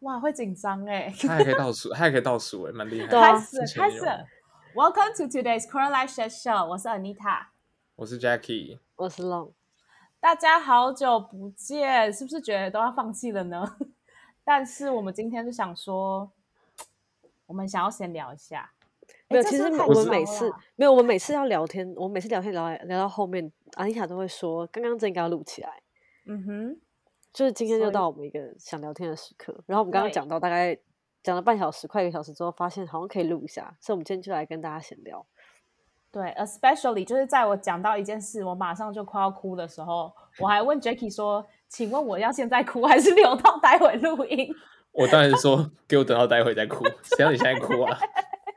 哇，會緊張哎、欸！他還可以倒數， 他還可以倒數哎、欸，蠻厲害的、啊。開始，開始。Welcome to today's Quarterlife Chat Show 我 Anita。我是 Anita，我是 Jackie，我是 Long。大家好久不見，是不是覺得都要放棄了呢？ 但是我們今天就想說，我們想要先聊一下。沒有，其實我們每次沒有，我們每次要聊天，我每次聊天聊到聊到後面，Anita 都會說：“剛剛這應該要錄起來。”嗯哼。就是今天就到我們一個想聊天的時刻，然後我們剛剛講到大概講了半小時，快一個小時之後，發現好像可以錄一下，所以我們今天就來跟大家閒聊。對，especially 就是在我講到一件事，我馬上就快要哭的時候，我還問 Jacky 說：“ 請問我要現在哭，還是留到待會錄音？”我當然說：“ 給我等到待會再哭，誰讓你現在哭啊？”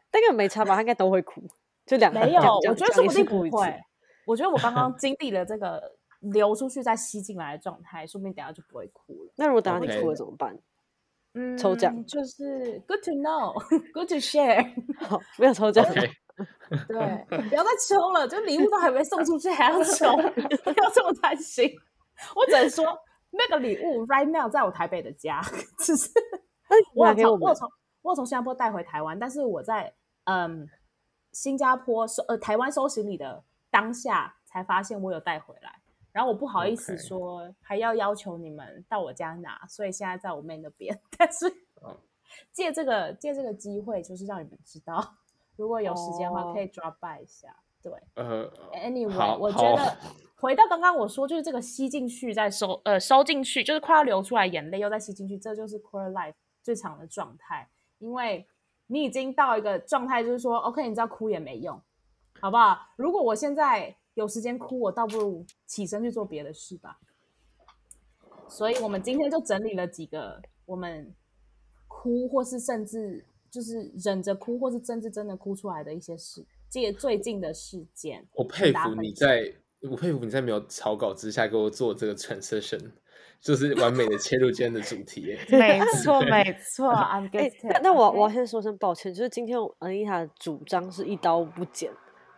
大 概沒差吧，他應該都會哭，就兩個， 兩個沒有，我覺得是不是不會。我覺得我剛剛經歷了這個。 流出去再吸進來的狀態，說不定等下就不會哭了。那如果等下你哭了怎麼辦？Okay. 嗯，抽獎就是 good to know，good to share。好，不要抽獎，okay. 對，不要再抽了。 就禮物都還沒送出去，還要抽，不 要這麼貪心。 我只能說，那個禮物 right now 在我台北的家， 只是 我從、okay, 我從我從新加坡帶回台灣，但是我在嗯新加坡收呃台灣收行李的當下，才發現我有帶回來。然後我不好意思說，還要要求你們到我家拿，okay. 所以現在在我妹那邊。但是，oh. 借這個借這個機會，就是讓你們知道，如果有時間的話可以 drop by 一下。Oh. 對，呃、uh，Anyway，我覺得回到剛剛我說，就是這個吸進去再收 呃收進去，就是快要流出來眼淚又再吸進去，這就是 quarterlife 最長的狀態，因為你已經到一個狀態，就是說 OK，你知道哭也沒用，好不好？如果我現在有時間哭，我倒不如起身去做別的事吧。所以，我們今天就整理了幾個我們哭，或是甚至就是忍着哭，或是甚至真的哭出來的一些事，借最近的事件。我佩服你在，我佩服你在沒有草稿之下給我做這個 transition，就是完美的切入今天的主題 沒錯 對。沒錯，沒 錯、嗯。那我我先說聲抱歉，就是今天我 Anita 的主張是一刀不剪。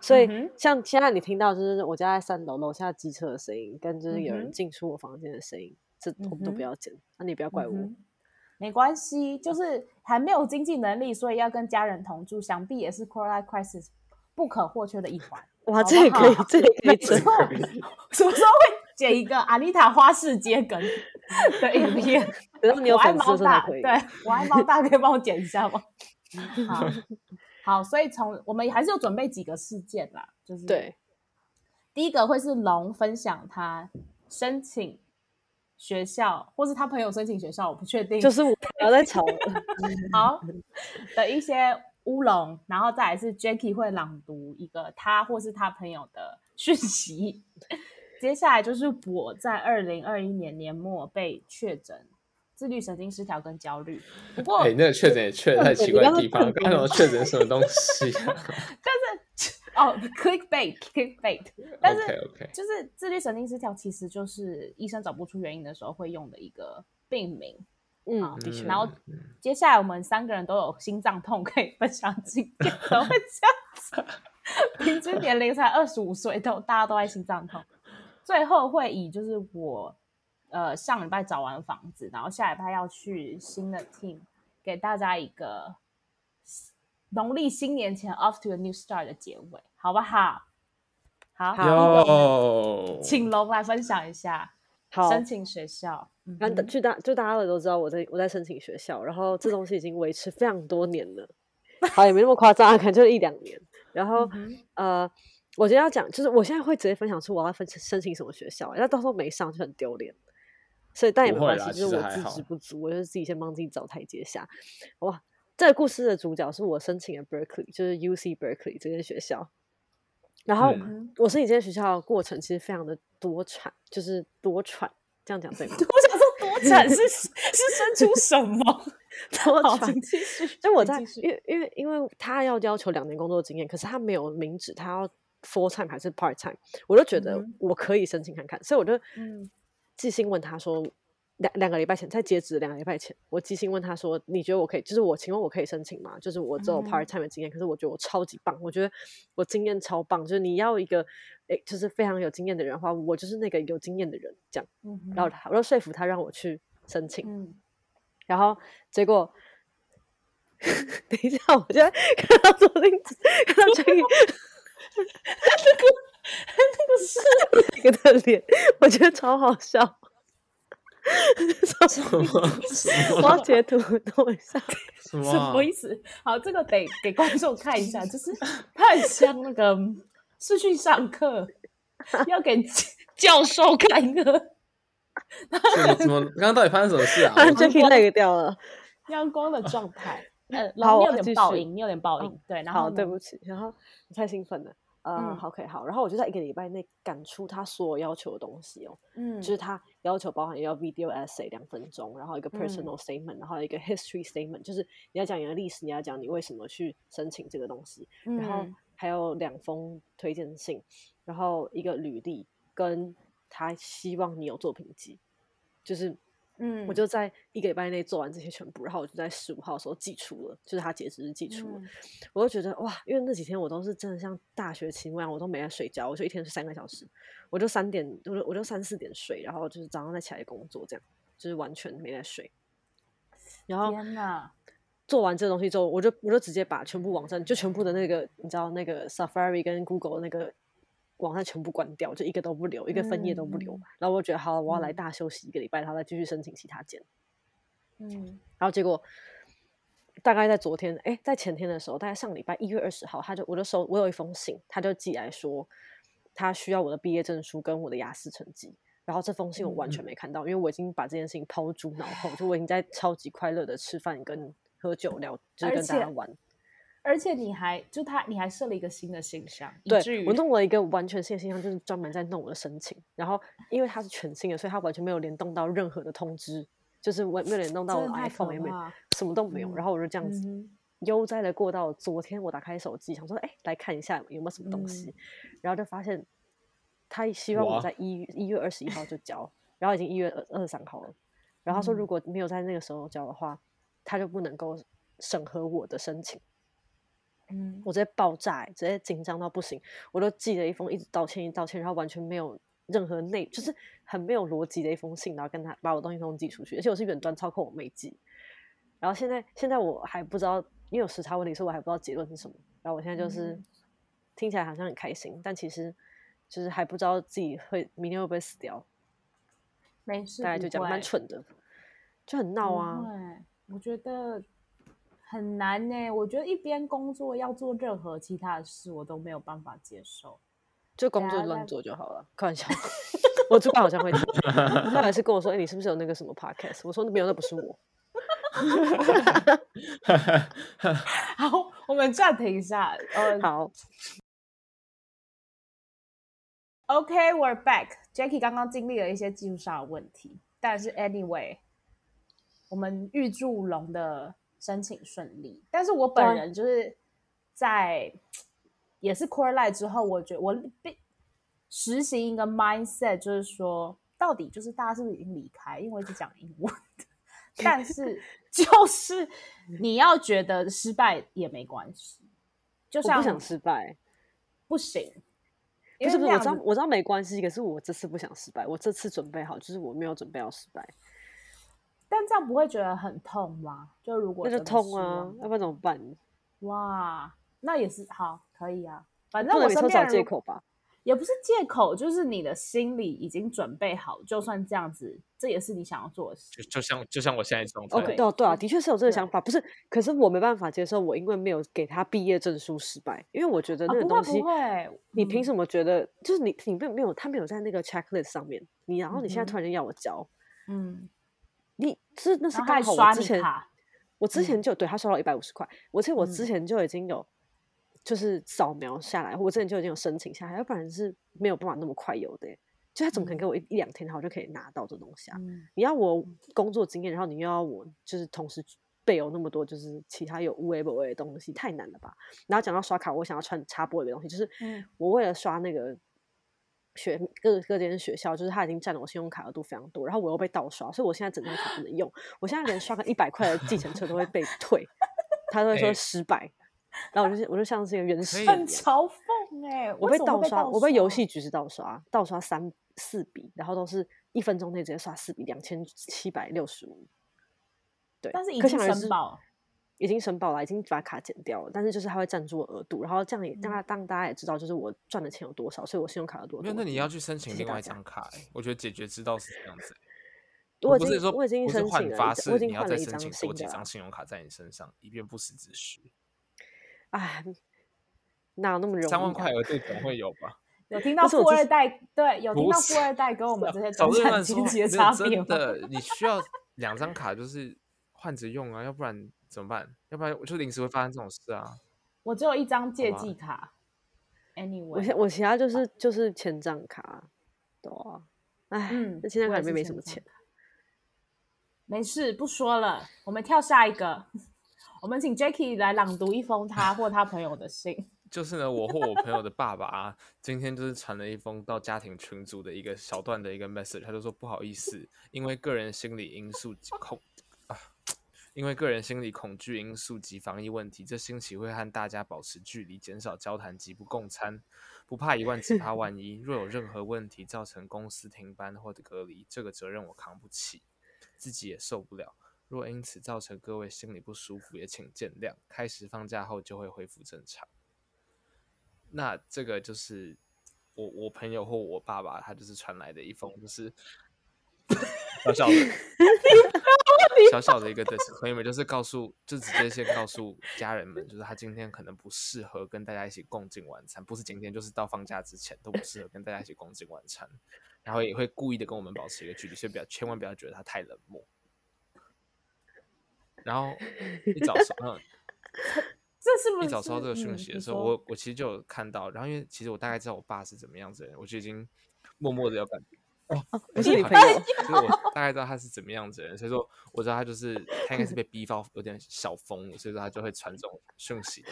所以，像現在你聽到，就是我家在三樓，樓下機車的聲音，跟就是有人進出我房間的聲音、嗯，這我們都不要剪。那、嗯啊、你不要怪我，嗯、沒關係。就是還沒有經濟能力，所以要跟家人同住，想必也是 Quarterlife Crisis 不可或缺的一環。哇，好好這也可以，這也可以。 這也可以 什麼時候會剪一個 Anita 花式接梗的影片？只 有有粉絲才可以我愛貓大，大 可以幫我剪一下嗎？好。 好，所以從我們還是有準備幾個事件啦，就是，對，第一個會是龍分享他申請學校，或是他朋友申請學校，我不確定，就是我在籌 好的一些烏龍，然後再來是 Jacky 會朗讀一個他或是他朋友的訊息，接下來就是我在二零二一年年末被確診。自律神經失調跟焦慮，不過你、欸、那個確診也確實在奇怪的地方，剛剛說確診有什麼東西、啊，但、 就是哦，Clickbait，Clickbait、okay, okay. 但是就是自律神經失調，其實就是醫生找不出原因的時候會用的一個病名，嗯，哦、然後接下來我們三個人都有心臟痛，可以分享經驗，嗯、會這樣子？ 平均年齡才二十五歲都，都大家都愛心臟痛，最後會以就是我。呃，上禮拜找完房子，然後下禮拜要去新的 team，給大家一個農曆新年前 off to a new start 的結尾，好不好？好，好。嗯、好，請龍來分享一下。好，申請學校，就大、嗯、就大家也都知道，我在我在申請學校，然後這東西已經維持非常多年了， 好，也沒那麼誇張，可能就是一兩年。然後、嗯、呃，我今天要講，就是我現在會直接分享出我要分申請什麼學校，那到時候沒上就很丟臉。所以但也沒關係，就是我資質不足，我就自己先幫自己找台階下。哇，這個故事的主角是我申請的 Berkeley，就是 UC Berkeley 這間學校。然後、嗯、我申請這間學校的過程其實非常的多舛，就是多舛。這樣講對嗎？我想說多舛傳 是是生出什麼？ 多舛其實就我在，因為因為因為他要要求兩年工作經驗，可是他沒有明指他要 full time 還是 part time，我都覺得我可以申請看看，嗯、所以我就嗯。即興問他說：“兩兩個禮拜前，在截止兩個禮拜前，我即興問他說：‘你覺得我可以？’就是我請問我可以申請嗎？就是我做 part time 的經驗、嗯，可是我覺得我超級棒，我覺得我經驗超棒。就是你要一個誒，就是非常有經驗的人的話，我就是那個有經驗的人。這樣，嗯、然後他我說說服他讓我去申請，嗯、然後結果， 等一下，我現在看到昨天看到這個。 ” 那 這個是那 個的臉，我覺得超好笑， 超， 我要截圖等我一下，什麼、啊？意思？好，這個得給觀眾看一下，就是太像那個，是去上課，要給教授看一 個。怎麼怎麼？剛剛到底發生什麼事啊？這 片那個掉了，陽光，光的狀態。呃，然後你有點爆音，你有點爆音、嗯。對，然後對不起，然後我太興奮了。Uh, okay, 嗯 OK 好，然後我就在一個禮拜內趕出他所有要求的東西哦，嗯，就是他要求包含要 video essay 兩分鐘，然後一個 personal statement，嗯、然後一個 history statement，就是你要講你的歷史，你要講你為什麼去申請這個東西，嗯、然後還有兩封推薦信，然後一個履歷，跟他希望你有作品集，就是。嗯，我就在一個禮拜內做完這些全部，然後我就在十五號的時候寄出了，就是他截止日寄出了，嗯。我就覺得哇，因為那幾天我都是真的像大學期末一樣，我都沒來睡覺，我就一天是三個小時，我就三點，我就我就三四點睡，然後就是早上再起來工作，這樣就是完全沒在睡。然後天吶，做完這東西之後，我就我就直接把全部網站，就全部的那個，你知道那個 Safari 跟 Google 那個。網站全部關掉，就一個都不留，一個分頁都不留。嗯、然後我覺得好，我要來大休息一個禮拜，他、嗯、再繼續申請其他間。嗯，然後結果大概在昨天，哎，在前天的時候，大概上禮拜一月二十號，他就我就收，我有一封信，他就寄來說他需要我的畢業證書跟我的雅思成績。然後這封信我完全沒看到，嗯、因為我已經把這件事情拋諸腦後，嗯、就我已經在超級快樂的吃飯、跟喝酒聊、聊，就是跟大家玩。而且你還就他，你還設了一個新的信箱。對，我弄了一個完全新的信箱，就是專門在弄我的申請。然後因為它是全新的，所以它完全沒有聯動到任何的通知，就是我沒有聯動到我 iPhone，也沒有什麼都沒有、嗯。然後我就這樣子悠哉的過到昨天。我打開手機、嗯、想說，哎、欸，來看一下有沒有什麼東西，嗯、然後就發現他希望我在一一月二十一號就交，然後已經一月二二十三號了。然後他說如果沒有在那個時候交的話，嗯、他就不能夠審核我的申請。我直接爆炸欸，直接緊張到不行，我都寄了一封一直道歉，一直道歉，然後完全沒有任何內，就是很沒有邏輯的一封信，然後跟他把我東西都寄出去，而且我是遠端操控我妹寄。然後現在，現在我還不知道，因為有時差問題，所以我還不知道結論是什麼。然後我現在就是聽起來好像很開心，但其實就是還不知道自己會明天會不會死掉。沒事，大概就講蠻蠢的，就很鬧啊。嗯，對，我覺得。很難呢、欸，我覺得一邊工作要做任何其他的事，我都沒有辦法接受。就工作亂做就好了，開、哎、玩笑。， 我主管好像會聽。他 還是跟我說：“哎、欸，你是不是有那個什麼 podcast？” 我說：“沒有，那不是我。 ” 好，我們暫停一下。 uh, 好。OK，we're、okay, back。Jacky 剛剛經歷了一些技術上的問題，但是 anyway，我們預祝龍的申請順利，但是我本人就是在、嗯、也是 quarterlife 之後，我覺得我並實行一個 mindset，就是說到底就是大家是不是已經離開？因為我一直講英文 但是就是你要覺得失敗也沒關係，就是我不想失敗不行，不是不是，我知道我知道沒關係，可是我這次不想失敗，我這次準備好，就是我沒有準備要失敗。但這樣不會覺得很痛嗎？就如果那就痛啊，要不然怎麼辦？哇，那也是好，可以啊。反正我有找借口吧，就是嗯，也不是借口，就是你的心理已經準備好，就算這樣子，這也是你想要做的事。就就像就像我現在這種，哦，okay, 對對啊，的確是有這個想法，不是？可是我沒辦法接受，我因為沒有給他畢業證書失敗，因為我覺得那個東西，啊，不會，不會你憑什麼覺得？嗯，就是你你沒沒有他沒有在那個 checklist 上面，嗯，你然後你現在突然就要我交，嗯。嗯是，那是剛好我之前，我之前就對他刷了一百五十塊。嗯、我其實我之前就已經有，就是掃描下來、嗯，我之前就已經有申請下來，要不然是沒有辦法那麼快有的。就他怎麼可能給我一、嗯、一兩天後就可以拿到這東西啊、嗯？你要我工作經驗，然後你又要我就是同時備有那麼多，就是其他有的沒的的東西，太難了吧？然後講到刷卡，我想要穿插播一個東西，就是我為了刷那個。嗯學各各間學校，就是他已經占了我信用卡額度非常多，然後我又被盜刷，所以我現在整張卡不能用， 我現在連刷個一百塊的計程車都會被退，他都會說失敗， 然後我就 我就像是一個原始人，很嘲諷，哎，我被盜被盜刷，我被遊戲局是盜刷，盜刷三四筆，然後都是一分鐘內直接刷四筆兩千七百六十五，對， 對，但是可想而知。已經申報了，已經把卡剪掉了，但是就是他會占住我額度，然後這樣也大家當大家也知道，就是我賺的錢有多少，所以我信用卡要多、多少。沒有，那你要去申請另外一張卡。欸謝謝。我覺得解決之道是這樣子。欸我已經。我不是說我已經申請了一，我已經換了一是換你發誓，你要再申請多幾張信用卡在你身上，以便不時之需。哎、啊，哪有那麼容易。啊？三萬塊額度總會有吧？ 有聽到富二代對，有聽到富二代跟我們這些中產階級的差別。 真的，你需要兩張卡，就是換着用啊， 要不然。怎麼辦？要不然我就臨時會發生這種事啊！我只有一張借記卡，Anyway，我我其他就是、啊、就是簽帳卡，多哎、啊，嗯，那簽帳卡裡面沒,沒什麼錢。沒事，不說了，我們跳下一個， 我們請 Jacky 來朗讀一封他或他朋友的信。 就是呢，我或我朋友的爸爸今天就是傳了一封到家庭群組的一個小段的一個 message，他就說不好意思，因為個人心理因素控。 因為個人心理恐懼因素及防疫問題，這星期會和大家保持距離，減少交談及不共餐。不怕一萬，只怕萬一。若有任何問題造成公司停班或者隔離，這個責任我扛不起，自己也受不了。若因此造成各位心裡不舒服，也請見諒。開始放假後就會恢復正常。那這個就是我我朋友或我爸爸，他就是傳來的一封，就是， 小小的一個的朋友們，就是告訴，就是、直接先告訴家人們，就是他今天可能不適合跟大家一起共進晚餐，不是今天，就是到放假之前都不適合跟大家一起共進晚餐。然後也會故意的跟我們保持一個距離，所以不要，千萬不要覺得他太冷漠。然後一早說，嗯，這是不是一早收到這個訊息的時候，是，是我，我其實就有看到。然後因為其實我大概知道我爸是怎麼樣子的，我就已經默默的要不、哦欸、是女朋友，所、就、以、是、我大概知道他是怎麼樣子的人，所以說我知道他就是他應該是被逼到有點小瘋了，所以說他就會傳這種訊息。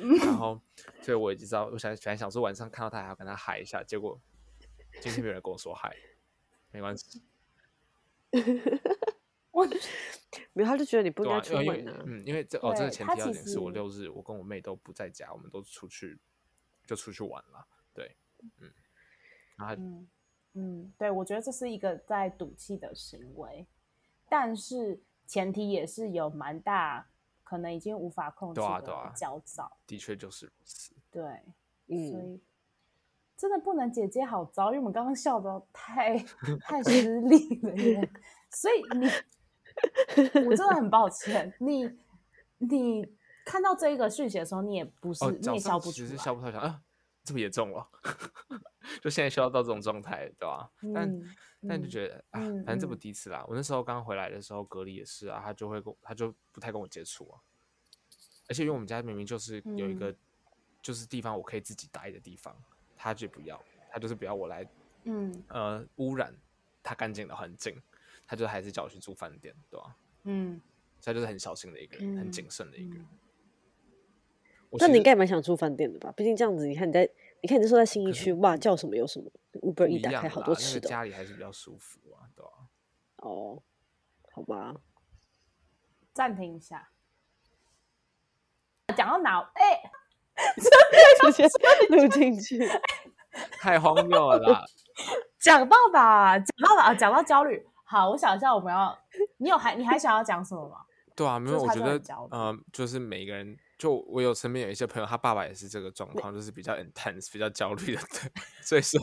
然後，所以我一直知道，我想本想說晚上看到他還要跟他嗨一下，結果今天沒有人跟我說嗨，沒關係。我沒有他就覺得你不應該去、啊、嗯，因為這哦，這個前提要點是我六日我跟我妹都不在家，我們都出去就出去玩了，對，嗯，然後。嗯嗯，對，我覺得這是一個在賭氣的行為，但是前提也是有蠻大可能已經無法控制的焦躁、啊啊，的確就是如此。對，嗯，所以真的不能姐姐好糟，因為我們剛剛笑得太太失禮了耶。 所以你，我真的很抱歉。 你你看到這一個訊息的時候，你也不是、哦、你也笑不出來，只是笑不太啊。這麼嚴重了， 就現在需要到這種狀態，對吧？嗯、但但就覺得、嗯、啊，反正這不第一次啦、嗯嗯。我那時候剛回來的時候隔離也是啊，他就會跟他就不太跟我接觸啊。而且因為我們家明明就是有一個、嗯、就是地方我可以自己待的地方，他就不要，他就是不要我來，嗯呃污染他乾淨的環境，他就還是叫我去住飯店，對吧？嗯，所以他就是很小心的一個，嗯、很謹慎的一個。那你應該蠻想住飯店的吧？畢竟這樣子，你看你在，你看你說在信義區，哇，叫什麼有什麼？Uber 一打開，好多吃的。那個、家裡還是比較舒服啊，對吧、啊？哦，好吧，暫停一下。講到哪？哎、欸，我學生錄進去， 太荒謬了啦。講 到哪？講到哪？啊，講到焦慮。好，我想一下，我們要，你有還你還想要講什麼嗎？對啊，沒有，就是、我覺得，嗯、呃，就是每個人。就我有，我有身邊有一些朋友，他爸爸也是這個狀況，就是比較 intense、比較焦慮的，對，所以說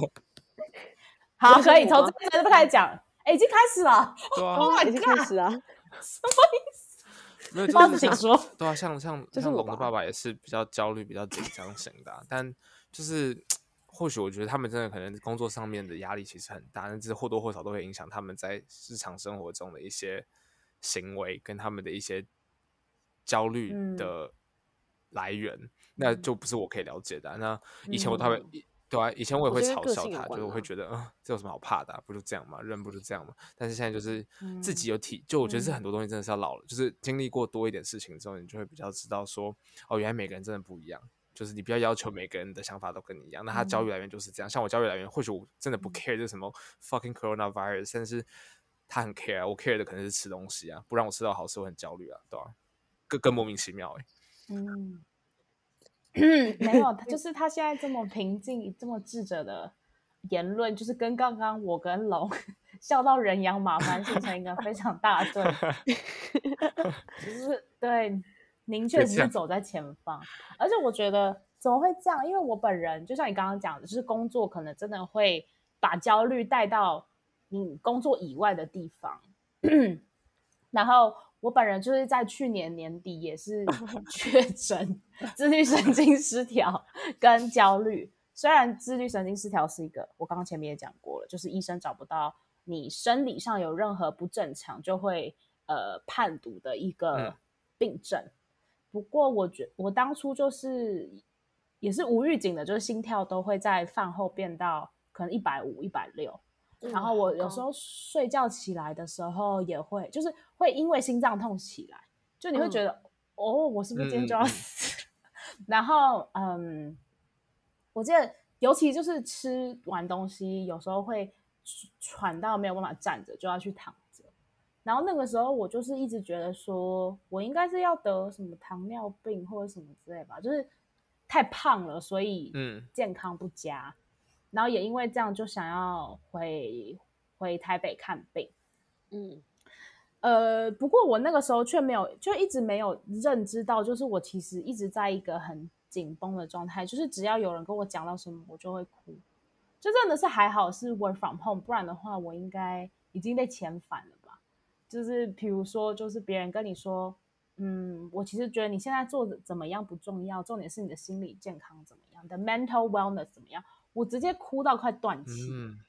好，可以從這邊開始講。哎、欸，已經開始了，哇、啊 oh，已經開始了， 什麼意思？沒有，就是想說，對啊，像像像龍的爸爸也是比較焦慮、比較緊張型的、啊就是，但就是或許我覺得他們真的可能工作上面的壓力其實很大，但其實或多或少都會影響他們在日常生活中的一些行為跟他們的一些焦慮的、嗯。來源，那就不是我可以了解的、啊嗯。那以前我他會、嗯，對啊，以前我也會嘲笑他，我啊、就是會覺得，嗯、呃，這有什麼好怕的、啊？不就這樣嗎？人不就這樣嗎？但是現在就是自己有體，嗯、就我覺得這很多東西真的是要老了、嗯，就是經歷過多一點事情之後，你就會比較知道說、嗯，哦，原來每個人真的不一樣。就是你不要要求每個人的想法都跟你一樣。嗯、那他焦慮來源就是這樣，像我焦慮來源，或許我真的不 care 這、嗯、什麼 fucking coronavirus，但是他很 care，我 care 的可能是吃東西啊，不讓我吃到好吃我很焦慮啊，對吧、啊？更更莫名其妙誒、欸。嗯， 沒有，他就是他現在這麼平靜， 這麼智者的言論，就是跟剛剛我跟龍笑到人仰馬翻，形成一個非常大的對。其、 就是對您確實是走在前方，而且我覺得怎麼會這樣？因為我本人就像你剛剛講的，就是工作可能真的會把焦慮帶到你工作以外的地方， 然後。我本人就是在去年年底也是確診 自律神經失調跟焦慮。雖然自律神經失調是一個，我剛剛前面也講過了，就是醫生找不到你生理上有任何不正常就會呃判讀的一個病症。嗯、不過我覺我當初就是也是無預警的，就是心跳都會在飯後變到可能一百五、一百六。然後我有時候睡覺起來的時候也會、oh，就是會因為心臟痛起來，就你會覺得、oh. 哦，我是不是今天就要死？嗯、 然後嗯，我記得尤其就是吃完東西，有時候會喘到沒有辦法站着，就要去躺着。然後那個時候我就是一直覺得說，我應該是要得什麼糖尿病或者什麼之類吧，就是太胖了，所以嗯，健康不佳。嗯然後也因為這樣，就想要回回台北看病，嗯，呃，不過我那個時候卻沒有，就一直沒有認知到，就是我其實一直在一個很緊繃的狀態，就是只要有人跟我講到什麼，我就會哭，就真的是還好是 work from home，不然的話我應該已經被遣返了吧？就是比如說，就是別人跟你說，嗯，我其實覺得你現在做的怎麼樣不重要，重點是你的心理健康怎麼樣的 mental wellness 怎麼樣？我直接哭到快斷氣，嗯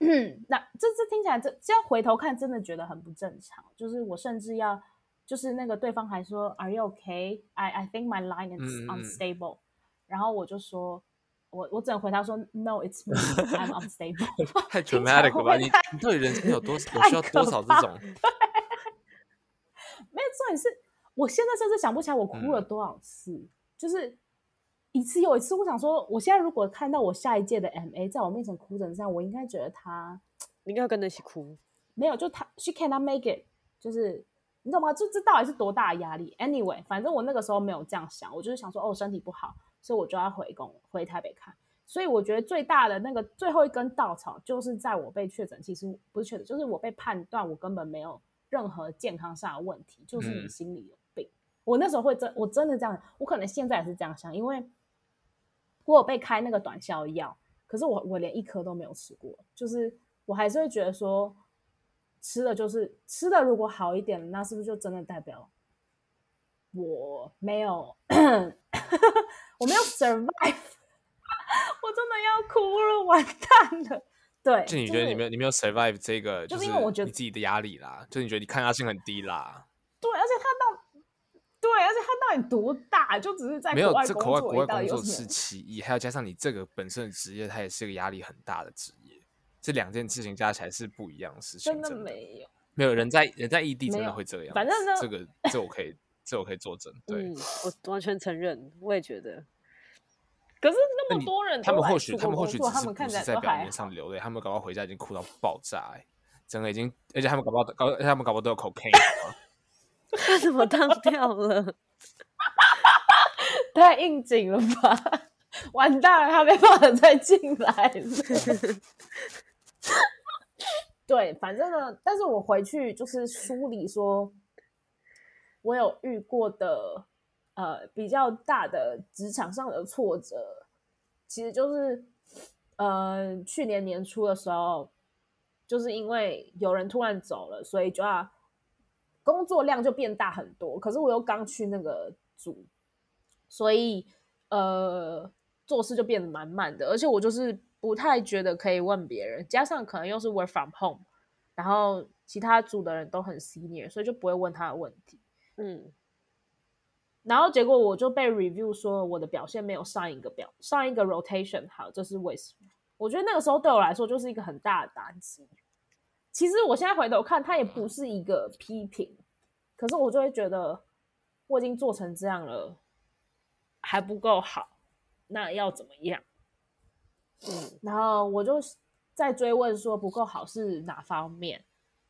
嗯、那這這聽起來，這這樣回頭看，真的覺得很不正常。就是我甚至要，就是那個對方還說，Are you okay? I I think my line is unstable，嗯。然後我就說，我我只能回答說，No, it's me. I'm unstable。 太 dramatic 了吧？ 你你到底人生有多少？我需要多少這種？沒有重點是，我現在甚至想不起來我哭了多少次，嗯、就是。一次又一次，我想說，我現在如果看到我下一屆的 M A 在我面前哭成這樣，我應該覺得他應該要跟着一起哭。沒有，就他 She cannot make it，就是你知道嗎？就這到底是多大的壓力？Anyway，反正我那個時候沒有這樣想，我就是想說，哦，身體不好，所以我就要回工回台北看。所以我覺得最大的那個最後一根稻草，就是在我被確診，其實不是確診，就是我被判斷我根本沒有任何健康上的問題，就是你心裡有病、嗯。我那時候會真，我真的這樣，我可能現在也是這樣想，因為。我被開那個短效藥，可是我我連一顆都沒有吃過，就是我還是會覺得說，吃的就是吃的，如果好一點，那是不是就真的代表我沒有 我沒有 survive？ 我真的要哭了，完蛋了！對，就你覺得你沒有你沒有 survive 這個，就是、就是就是、因為我覺得、就是、你自己的壓力啦，就你覺得你抗壓性很低啦。對，而且他到底多大？就只是在沒有這口外國外工作，是其一，還要加上你這個本身的職業，它也是一個壓力很大的職業。這兩件事情加起來是不一樣的事情，真的沒有沒有人在人在異地真的會這樣。反正呢，這個這個、我可以這個、我可以作證，對、嗯，我完全承認，我也覺得。可是那麼多人，他們或許他們或許只是，不是在表面上流淚，他們起他們搞不好回家已經哭到爆炸、欸，整個已經，而且他們搞不好搞他們搞不好都有 cocaine 了。 他怎麼當掉了？ 太應景了吧！完蛋了，他沒辦法再進來 對，反正呢，但是我回去就是梳理說，我有遇過的呃比較大的職場上的挫折，其實就是嗯、呃、去年年初的時候，就是因為有人突然走了，所以就要。工作量就變大很多，可是我又剛去那個組，所以呃做事就變得蠻慢的，而且我就是不太覺得可以問別人，加上可能又是 work from home，然後其他組的人都很 senior，所以就不會問他的問題。嗯，然後結果我就被 review 說我的表現沒有上一個表，上一個 rotation 好，這是為什麼？我覺得那個時候對我來說就是一個很大的打擊。其實我現在回頭看，他也不是一個批評，可是我就會覺得，我已經做成這樣了，還不夠好，那要怎麼樣？嗯，然後我就在追問說不夠好是哪方面，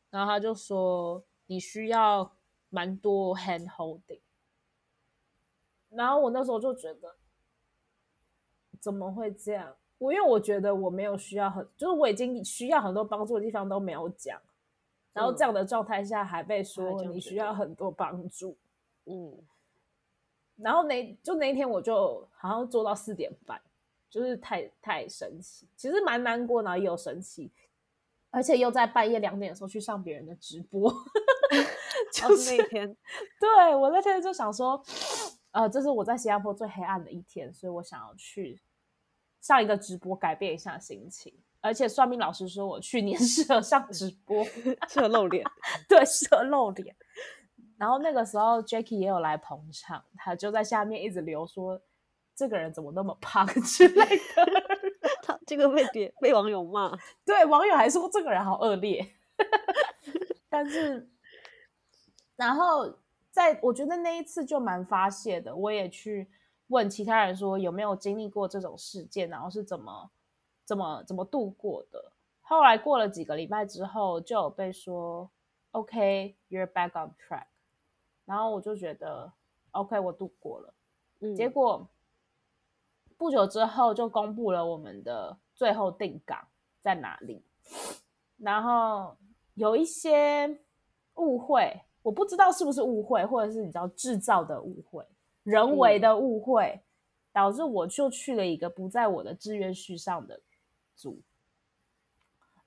然後他就說你需要蠻多 hand holding，然後我那時候就覺得，怎麼會這樣？我因為我覺得我沒有需要很，就是我已經需要很多幫助的地方都沒有講，然後這樣的狀態下還被說、嗯、你需要很多幫助，嗯，然後那就那一天我就好像做到四點半，就是太太神奇，其實蠻難過，然後也有神奇，而且又在半夜兩點的時候去上別人的直播，就是，是那一天， 對，我那天就想說，呃，這是我在新加坡最黑暗的一天，所以我想要去。上一個直播改變一下心情，而且算命老師說我去年適合上直播，適合露臉， 對，適合露臉。然後那個時候 Jacky 也有來捧場，他就在下面一直留說，這個人怎麼那麼胖之類的。 他這個被別被網友罵，對，網友還說這個人好惡劣。 但是，然後在我覺得那一次就蠻發洩的，我也去。問其他人說，有沒有經歷過這種事件，然後是怎麼怎麼怎麼度過的？後來過了幾個禮拜之後，就有被說 OK，you're back on track。然後我就覺得 OK，我度過了。嗯、結果不久之後就公布了我們的最後定崗在哪裡，然後有一些誤會，我不知道是不是誤會，或者是你知道製造的誤會。人為的誤會，嗯，導致我就去了一個不在我的志願序上的組，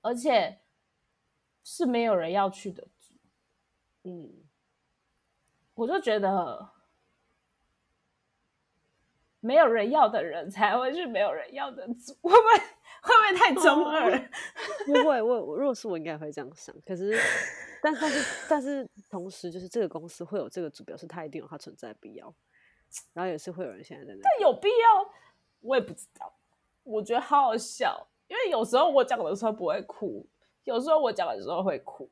而且是沒有人要去的組。嗯，我就覺得沒有人要的人才會去沒有人要的組，會不會會不會太中二？ 不會，我我若是我應該會這樣想。可是，但但是 但是同時，就是這個公司會有這個組，表示它一定有它存在的必要。然後也是會有人現在在那，但有必要，我也不知道。我覺得好好笑，因為有時候我講的時候不會哭，有時候我講的時候會哭。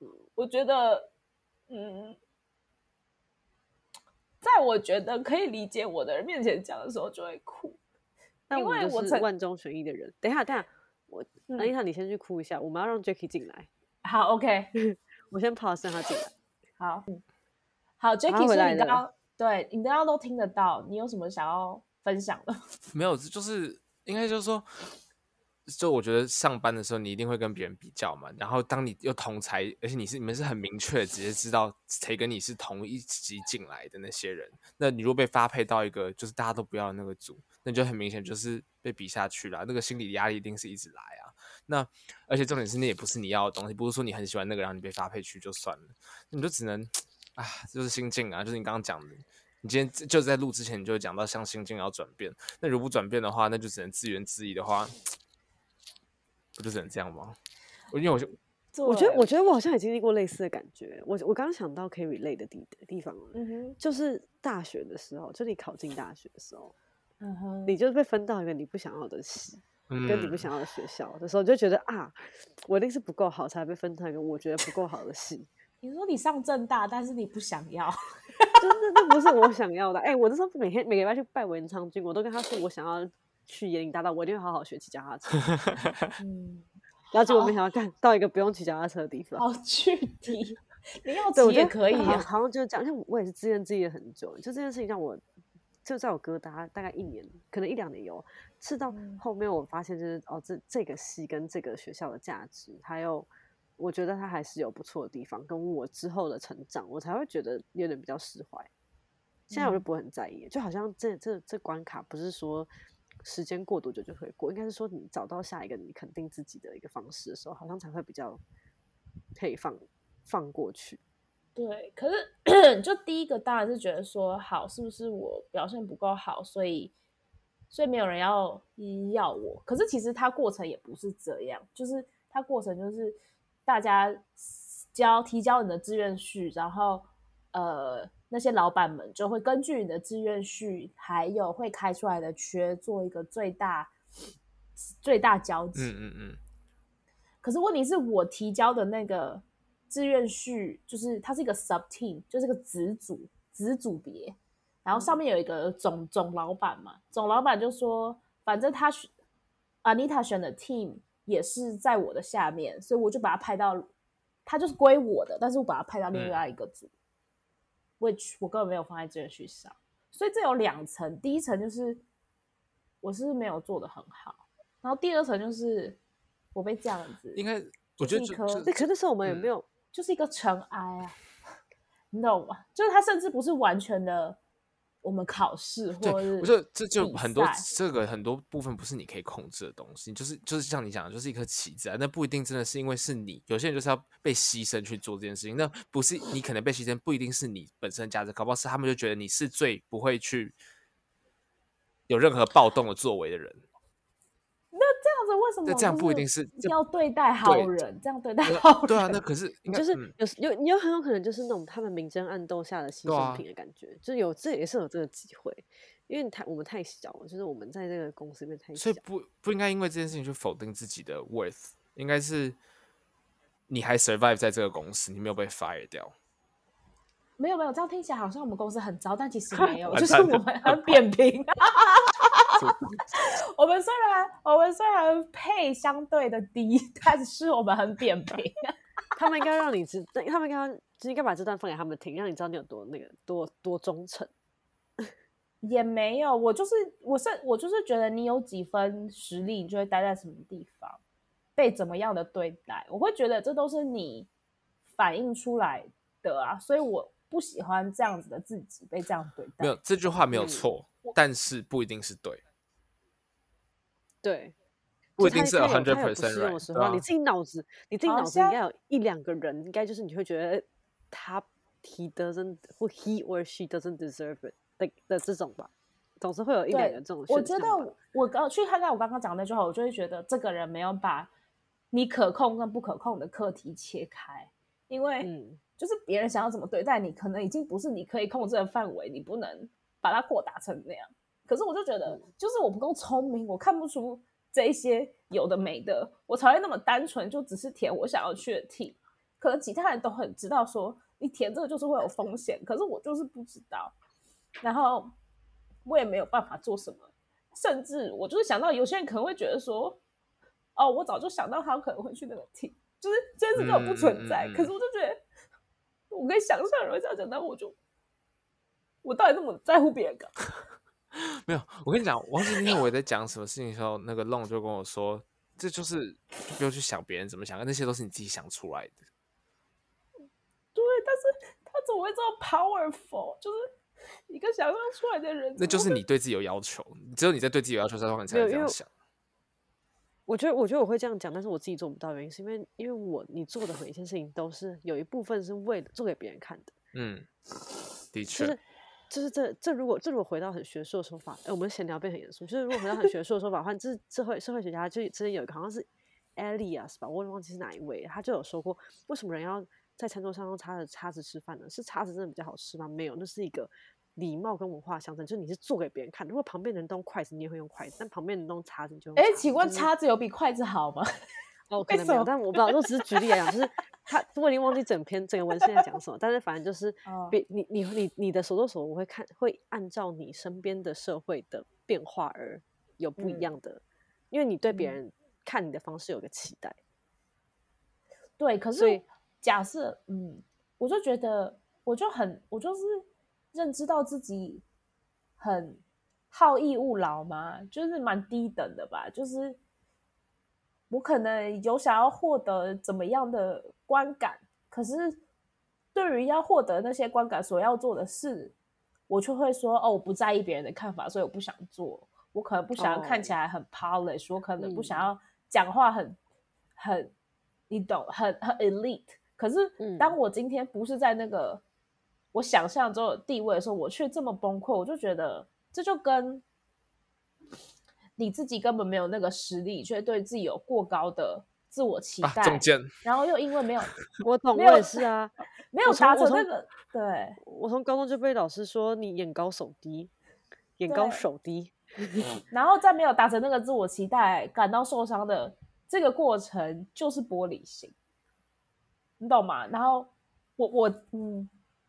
嗯、我覺得，嗯，在我覺得可以理解我的人面前講的時候就會哭。因為我我是萬中選一的人我。等一下，等一下，我、嗯、等一下你先去哭一下，我們要讓 Jacky 進來。好，OK， 我先跑，讓他進來。好，嗯、好，Jacky 是你剛、剛對，你剛剛都聽得到。你有什麼想要分享的？沒有，就是應該就是說，就我覺得上班的時候你一定會跟別人比較嘛。然後當你又同才，而且你是你們是很明確直接知道誰跟你是同一級進來的那些人，那你如果被發配到一個就是大家都不要那個組，那就很明顯就是被比下去了。那個心理壓力一定是一直來啊。那而且重點是那也不是你要的東西，不是說你很喜歡那個然後你被發配去就算了，你就只能。啊，就是心境啊，就是你剛剛講的，你今天就是在錄之前你就會講到像心境要轉變，那如果不轉變的話，那就只能自怨自艾的話，不就只能這樣嗎？我因為我就我覺得我覺得我好像也經歷過類似的感覺，我我剛剛想到可以 relate 的地地方，嗯哼，就是大學的時候，就你考進大學的時候，嗯哼，你就被分到一個你不想要的系，嗯，跟你不想要的學校的時候，你就覺得啊，我一定是不夠好，才被分到一個我覺得不夠好的系。 你說你上政大，但是你不想要，真 的，那不是我想要的。哎、欸，我那時候每天每個禮拜去拜文昌君，我都跟他說我想要去椰林大道，我一定會好好學騎腳踏車。 嗯，然後就我沒想到幹，幹到一個不用騎腳踏車的地方。好具體，你要也、啊、對，我覺得可以。然像，就是這像我也是自怨自艾很久了，就這件事情讓我就在我哥大大概一年，可能一兩年有。吃到後面我發現就是哦，這這個系跟這個學校的價值，還有。我覺得他還是有不錯的地方，跟我之後的成長，我才會覺得有點比較釋懷。現在我就不會很在意、嗯，就好像這這這關卡不是說時間過多久就會過，應該是說你找到下一個你肯定自己的一個方式的時候，好像才會比較可以放放過去。對，可是就第一個當然是覺得說，好，是不是我表現不夠好，所以所以沒有人要要我？可是其實它過程也不是這樣，就是它過程就是。大家交提交你的志願序，然後呃，那些老闆們就會根據你的志願序，還有會開出來的缺，做一個最大最大交集。嗯嗯嗯。可是問題是我提交的那個志願序，就是它是一個 sub team，就是個子組子組別，然後上面有一個總總老闆嘛，總老闆就說，反正他選 Anita 選的 team。也是在我的下面，所以我就把它拍到，它就是歸我的，但是我把它拍到另外一個組、嗯、，which 我根本沒有放在這裡去上，所以這有兩層，第一層就是我是沒有做的很好，然後第二層就是我被這樣子，應該我覺得這可那是、個那個的時候，我們也沒有，嗯、就是一個塵埃啊，你懂嗎，就是他甚至不是完全的。我們考試或者對，我覺得這就很多。這個很多部分不是你可以控制的東西，就是就是像你講的，就是一顆棋子啊，那不一定真的是因為是你，有些人就是要被犧牲去做這件事情，那不是你可能被犧牲， 不一定是你本身價值，搞不好是他們就覺得你是最不會去有任何暴動的作為的人。 那這樣不一定是要對待好人，這樣，對，這樣對待好，對，對，待好對啊，那可是就是有有有很有可能就是那種他們明爭暗鬥下的犧牲品的感覺，啊、就是有這也是有這個機會，因為他我們太小了，就是我們在這個公司裡面太小，所以不不應該因為這件事情去否定自己的 worth，應該是你還 survive 在這個公司，你沒有被 fire 掉。沒有沒有，這樣聽起來好像我們公司很糟，但其實沒有， 就是我們很，很扁平。 我們雖然，我們雖然配相對的低，但是我們很扁平。 他們應該讓你知，他們應該應該把這段放給他們聽，讓你知道你有多那個多多忠誠。 也沒有，我就是我是我就是覺得你有幾分實力，你就會待在什麼地方，被怎麼樣的對待。我會覺得這都是你反映出來的啊，所以我不喜歡這樣子的自己被這樣對待。沒有，這句話沒有錯，但是不一定是對。對，不一定是百分之百適用的時候，你自己腦子、啊，你自己腦子應該有一兩個人，應該就是你會覺得他 he doesn't 或 he or she doesn't deserve it 的、like、的這種吧，總是會有一兩個這種。我覺得我剛去看到我剛剛講那句話，我就會覺得這個人沒有把你可控跟不可控的課題切開，因為就是別人想要怎麼對待你，可能已經不是你可以控制的範圍，你不能把它擴大成那樣。可是我就覺得，就是我不夠聰明，我看不出這些有的沒的，我才會那麼單純，就只是填我想要去的 team。可能其他人都很知道說，說你填這個就是會有風險，可是我就是不知道，然後我也沒有辦法做什麼。甚至我就是想到，有些人可能會覺得說，哦，我早就想到他可能會去那個 team，就是這件事根本不存在、嗯。可是我就覺得，我可以想象這樣，然後想象到我就，我到底那麼在乎別人沒有，我跟你講，王志斌，我在講什麼事情的時候， 那個 Long 就跟我說：“這就是就不要去想別人怎麼想，那些都是你自己想出來的。”對，但是他怎麼會這麼 powerful？就是一個想象出來的人，那就是你對自己有要求。只有你在對自己有要求的，你才會這樣想。我覺得，我覺得我會這樣講，但是我自己做不到，原因是因為，因為我你做的每一件事情都是有一部分是為了做給別人看的。嗯，的確。就是就是這這如果這如果回到很學術的說法，哎、欸，我們閒聊變很嚴肅。就是如果回到很學術的說法，好 像這這社會社會學家就之前有一個好像是 Elias 吧，我也忘記是哪一位，他就有說過，為什麼人要在餐桌上用叉子、叉子吃飯呢？是叉子真的比較好吃嗎？沒有，那是一個禮貌跟文化象徵，就是你是做給別人看。如果旁邊人用筷子，你也會用筷子；但旁邊人用叉子，你就哎，請、欸、問叉子有比筷子好嗎？ 哦，可能沒有，但我不知道。我只是舉例來講， 就是他，如果你忘記整篇 整個文是在講什麼，但是反正就是，別、哦、你你你你的所作所為，我會看會按照你身邊的社會的變化而有不一樣的，嗯、因為你對別人看你的方式有個期待。嗯、對，可是假設，嗯，我就覺得我就很我就是認知到自己很好逸惡勞嘛，就是蠻低等的吧，就是。我可能有想要獲得怎麼樣的觀感，可是對於要獲得那些觀感所要做的事，我就會說：哦，我不在意別人的看法，所以我不想做。我可能不想要看起來很 polish，我可能不想要講話很、嗯、很，你懂，很很 elite。可是當我今天不是在那個我想象中的地位的時候，我卻這麼崩潰，我就覺得這就跟。你自己根本沒有那個實力，卻對自己有過高的自我期待，啊、中間然後又因為沒有 我懂，我也是啊，沒有達成那、這個對。我從高中就被老師說你眼高手低，眼高手低， 然後再沒有達成那個自我期待，感到受傷的這個過程就是玻璃心，你懂嗎？然後我我嗯。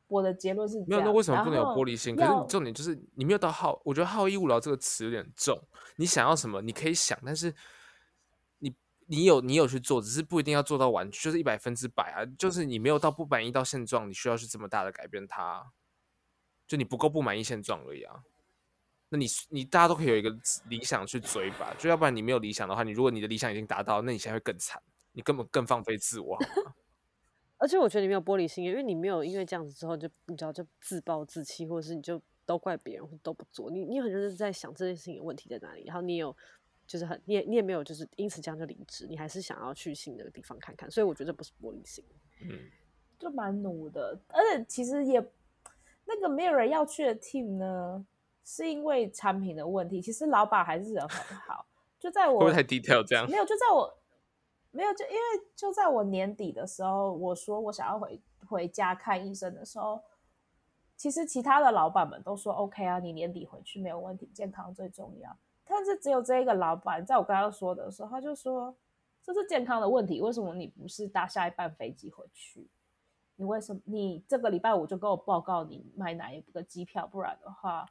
我的結論是沒有，那為什麼不能有玻璃心？可是重點就是沒你沒有到好，我覺得“好逸惡勞”這個詞有點重。你想要什麼？你可以想，但是你你有你有去做，只是不一定要做到完，就是一百分之百啊。就是你沒有到不滿意到現狀，你需要去這麼大的改變它，就你不夠不滿意現狀而已啊。那你你大家都可以有一個理想去追吧，就要不然你沒有理想的話，你如果你的理想已經達到，那你現在會更慘，你根本更放飛自我。 而且我覺得你沒有玻璃心，因為你沒有因為這樣子之後就你知道就自暴自棄，或者是你就都怪別人或都不做。你你很就是在想這件事情的問題在哪裡，然後你有就是很你也你也沒有就是因此這樣就離職，你還是想要去新的地方看看。所以我覺得不是玻璃心，嗯，就蠻努的。而且其實也那個沒有人要去的 team 呢，是因為產品的問題。其實老闆還是人很好， 就在我會不會太 detail 這樣，沒有，就在我。沒有，就因為就在我年底的時候，我說我想要回回家看醫生的時候，其實其他的老闆們都說 OK 啊，你年底回去沒有問題，健康最重要。但是只有這一個老闆，在我剛剛說的時候，他就說這是健康的問題，為什麼你不是搭下一班飛機回去？你為什麼你這個禮拜五就給我報告你買哪一部的機票？不然的話，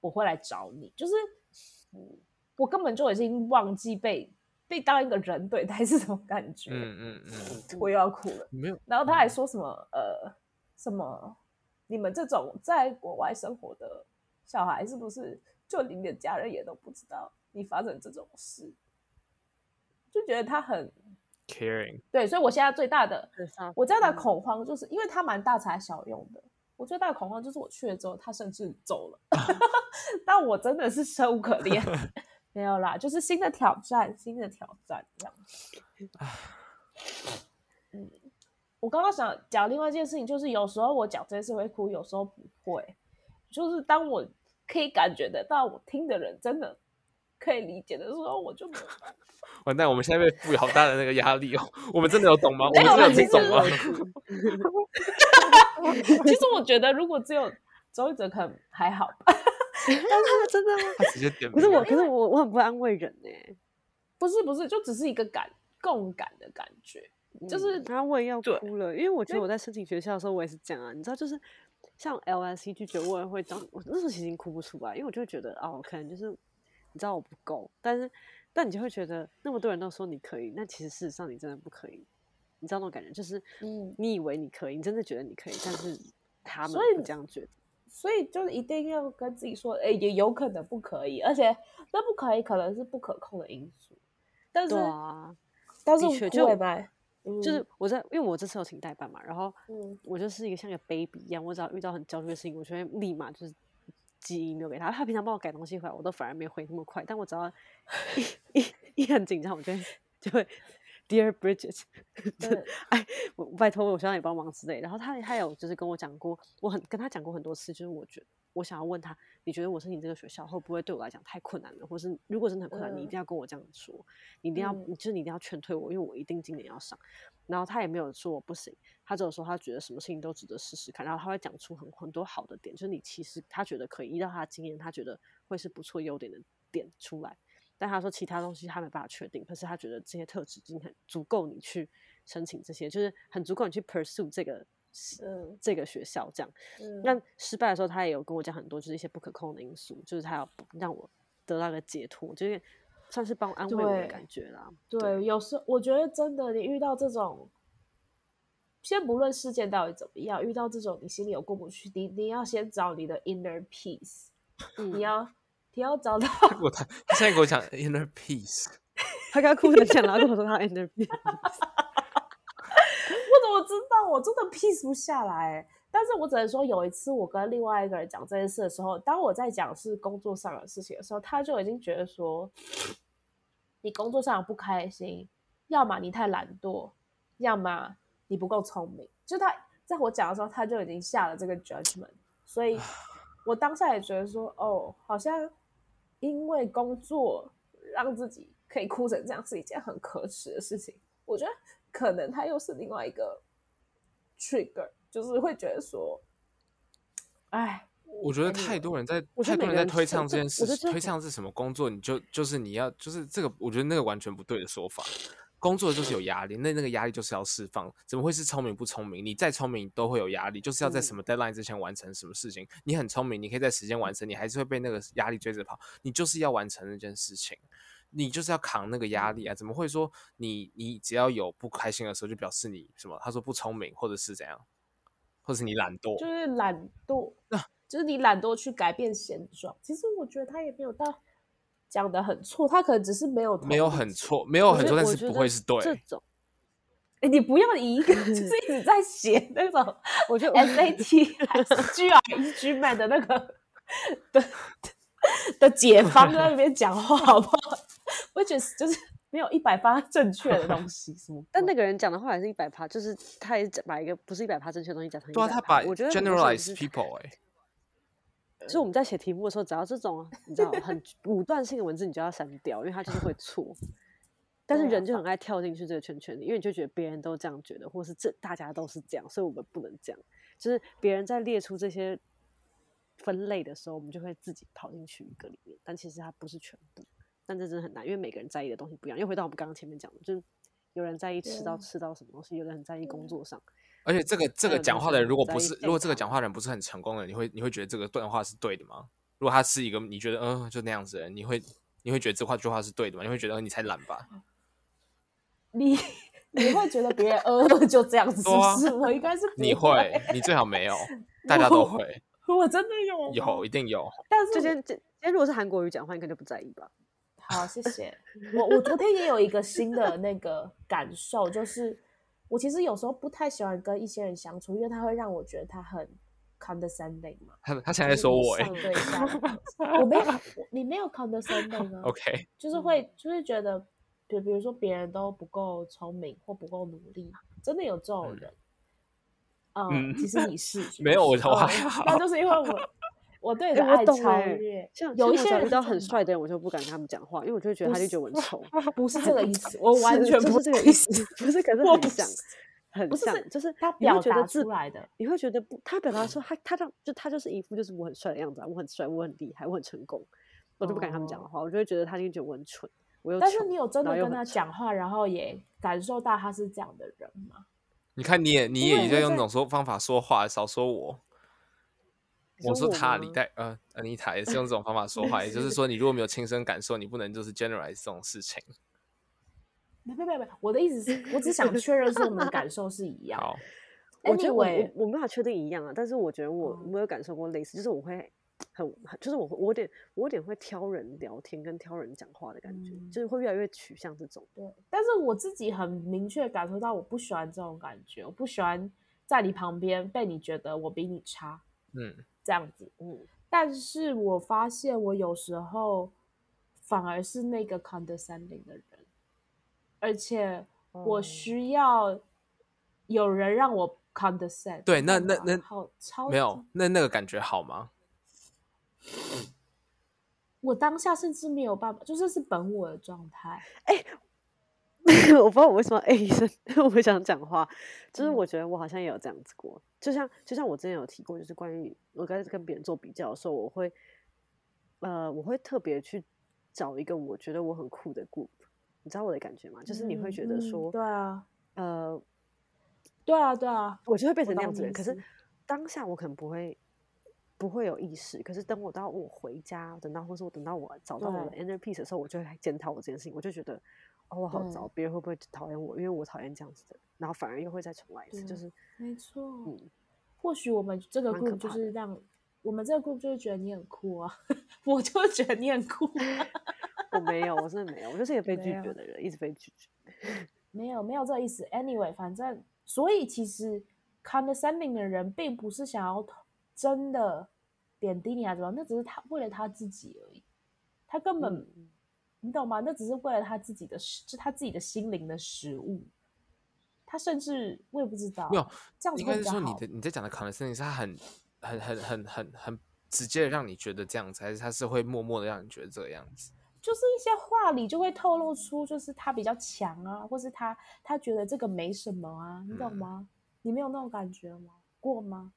我會來找你。就是，我根本就已經忘記被。被當一個人對待是什麼感覺？嗯嗯嗯，我又要哭了、嗯。沒有。然後他還說什麼、嗯、呃什麼，你們這種在國外生活的小孩是不是，就你的家人也都不知道你發生這種事，就覺得他很 caring。對，所以我現在最大的，嗯、我最大的恐慌就是因為他蠻大材小用的。我最大的恐慌就是我去了之後，他甚至走了， 但我真的是生無可戀。 沒有啦，就是新的挑戰，新的挑戰這樣子。嗯，我剛剛想講另外一件事情，就是有時候我講這些事會哭，有時候不會。就是當我可以感覺得到，我聽的人真的可以理解的時候，我就沒辦法完蛋。我們現在被賦予好大的那個壓力哦， 我們真的有懂嗎？我們真的有聽懂嗎？其實， 其實我覺得，如果只有周一哲，可能還好吧。那 真的嗎？ 不是我， 可是我 我很不安慰人呢、欸。不是不是，就只是一個感共感的感覺，嗯、就是然後我也要哭了，因為我覺得我在申請學校的時候，我也是這樣啊。你知道，就是像 LSE 拒絕我，也會當 我那時候其實哭不出來，因為我就會覺得哦，可能就是你知道我不夠，但是但你就會覺得那麼多人都說你可以，那其實事實上你真的不可以。你知道那種感覺，就是你以為你可以，你真的覺得你可以，嗯、但是他們不這樣覺得。所以就是一定要跟自己說，哎、欸，也有可能不可以，而且那不可以可能是不可控的因素。但是，但是我就、嗯、就是我在，因為我這次有請代班嘛，然後我就是一個像一個 baby 一樣，我只要遇到很焦慮的事情，我就會立馬就是寄 email 給他。他平常幫我改東西回來，我都反而沒回那麼快，但我只要一 一一很緊張，我就會就會。Dear Bridget，哎，我拜託我校長也幫忙之類。然後他他有就是跟我講過，我很跟他講過很多次，就是我覺我想要問他，你覺得我申請這個學校，會不會對我來講太困難了？或是如果真的很困難，呃，你一定要跟我這樣子說，你一定要、嗯、你就是你一定要勸退我，因為我一定今年要上。然後他也沒有說我不行，他只有說他覺得什麼事情都值得試試看。然後他會講出很很多好的點，就是你其實他覺得可以，依照他的經驗，他覺得會是不錯優點的點出來。但他說其他東西他沒辦法確定，可是他覺得這些特質已經很足夠你去申請這些，就是很足夠你去 pursue 這個呃、嗯、這個學校這樣。那、嗯、失敗的時候，他也有跟我講很多，就是一些不可控的因素，就是他要讓我得到一個解脫，就是算是幫我安慰我的感覺啦。對，對對，有時我覺得真的，你遇到這種，先不論事件到底怎麼樣，遇到這種你心裡有過不去，你你要先找你的 inner peace，你要。 你要找到他， 他現在跟我講 inner peace， 他剛哭完，然後跟我說他 inner peace， 我怎麼知道？我真的 peace 不下來。但是我只能說，有一次我跟另外一個人講這件事的時候，當我在講是工作上的事情的時候，他就已經覺得說，你工作上有不開心，要麼你太懶惰，要麼你不夠聰明。就他在我講的時候，他就已經下了這個 judgment。所以我當下也覺得說，哦，好像。因為工作讓自己可以哭成這樣是一件很可恥的事情，我覺得可能他又是另外一個 trigger，就是會覺得說，哎，我覺得太多人在、哎、太多人在推唱這件事，這推唱是什麼工作？你就就是你要就是這個，我覺得那個完全不對的說法。工作就是有壓力，那那個壓力就是要釋放。怎麼會是聰明不聰明？你再聰明都會有壓力，就是要在什麼 deadline 之前完成什麼事情。嗯、你很聰明，你可以在時間完成，你還是會被那個壓力追着跑。你就是要完成那件事情，你就是要扛那個壓力啊！怎麼會說你你只要有不開心的時候，就表示你什麼？他說不聰明，或者是怎樣，或者是你懶惰，就是懶惰，那、啊、就是你懶惰去改變現狀。其實我覺得他也沒有到。講的很錯，他可能只是沒有沒有很錯，沒有很錯，但是不會是對這種。哎，你不要一個 就是一直在寫那種，我覺得 M A T G R E G man 的那個的的解方在那邊講話，好不好？我覺得就是沒有一百趴正確的東西，什麼？ 但那個人講的話也是一百趴，就是他也是把一個不是一百趴正確的東西講成一百趴，對啊，他把我覺得 generalize people 哎。所以我們在寫題目的時候，只要這種你知道很武斷性的文字，你就要刪掉，因為它就是會錯。但是人就很愛跳進去這個圈圈裡，因為你就覺得別人都這樣覺得，或是這大家都是這樣，所以我們不能這樣。就是別人在列出這些分類的時候，我們就會自己跑進去一個裡面，但其實它不是全部。但這真的很難，因為每個人在意的東西不一樣。又回到我們剛剛前面講的，就是有人在意吃到吃到什麼東西，有人很在意工作上。而且這個這個講話的人，如果不是，如果這個講話的人不是很成功的人，你會你會覺得這個段話是對的嗎？如果他是一個你覺得嗯、呃、就那樣子的人，你會你會覺得這句話句話是對的嗎？你會覺得、呃、你才懶吧？你你會覺得別人呃就這樣子是嗎？ 應該是會你會，你最好沒有，大家都會，我，我真的有有一定有。但是就今今今天如果是韓國語講話，應該就不在意吧？好，謝謝 我我昨天也有一個新的那個感受，就是。我其實有時候不太喜歡跟一些人相處，因為他會讓我覺得他很 condescending 嘛。他他現在，在說我、欸，哎、就是， 我沒你沒有 condescending 嗎、啊、OK，就是會就是覺得，比如說別人都不夠聰明或不夠努力，真的有這種人。嗯、呃，其實你是、嗯、是是沒有我好、呃，那就是因為我。我對你的愛猜、欸欸，像有些人遇很帥的人，我就不敢跟他們講話，因為我就會覺得他就覺得我很醜。不是,、啊、不是這個意思，我完全不是,、就是這個意思，不是，可是很像，很像，就是,、就是是,是,就是、是他表達出來的，你會覺得不，他表達說他他這樣，就他就是一副就是我很帥的樣子啊，我很帥，我很厲害，我很成功、哦，我就不敢跟他們講的話，我就會覺得他就覺得我很蠢。我又但是你有真的跟他講話然，然後也感受到他是這樣的人嗎？你看你，你也你也在用那種說方法說話，嗯、少說我。我說他你代呃，安妮塔也是用這種方法說話。也就是說，你如果沒有親身感受， 你不能就是 generalize 這種事情。沒沒沒有，我的意思是，我只想確認說，我們的感受是一樣。 好，我覺得我我沒法確定一樣啊，但是我覺得我沒有感受過類似，就是我會很就是我我有點我有點會挑人聊天跟挑人講話的感覺，嗯，就是會越來越取向這種。對，但是我自己很明確感受到，我不喜歡這種感覺，我不喜歡在你旁邊被你覺得我比你差。嗯。這樣子，嗯，但是我發現我有時候反而是那個 condescending 的人，而且我需要有人讓我 condescend。嗯，對。對，那那那好，超沒有，那那個感覺好嗎？我當下甚至沒有辦法，就是是本我的狀態。哎、欸。 我不知道我為什麼哎一聲，因、欸、為我想講話。就是我覺得我好像也有這樣子過，嗯、就像就像我之前有提過，就是關於我剛才跟別人做比較的時候，我會呃，我會特別去找一個我覺得我很酷的 group。你知道我的感覺嗎？就是你會覺得說、嗯嗯，對啊，呃，對啊，對啊，我就會變成那樣子人。可是當下我可能不會不會有意識，可是等我到我回家，等到或者我等到我找到我的 inner peace 的時候，我就會來檢討我這件事情。我就覺得。哦，我好糟，別人會不會討厭我？因為我討厭這樣子的，然後反而又會再重來一次，就是沒錯。嗯，或許我們這個 group 就是讓我們這個 group 就是覺得你很酷啊， 我就覺得你很酷、啊。我沒有，我真的沒有， 我就是一個被拒絕的人，一直被拒絕。沒有，沒有這個意思。Anyway，反正所以其實，condescending 的人並不是想要真的貶低你啊，什麼那只是他為了他自己而已，他根本。嗯你懂嗎？那只是為了他自己的食，是他自己的心靈的食物。他甚至我也不知道，沒有這樣子。跟你說，你說，你的你在講的可能性是他很很很很很很直接，讓你覺得這樣子，還是他是會默默的讓你覺得這個樣子？就是一些話裡就會透露出，就是他比較強啊，或是他他覺得這個沒什麼啊？你懂嗎？嗯。你沒有那種感覺嗎？過嗎？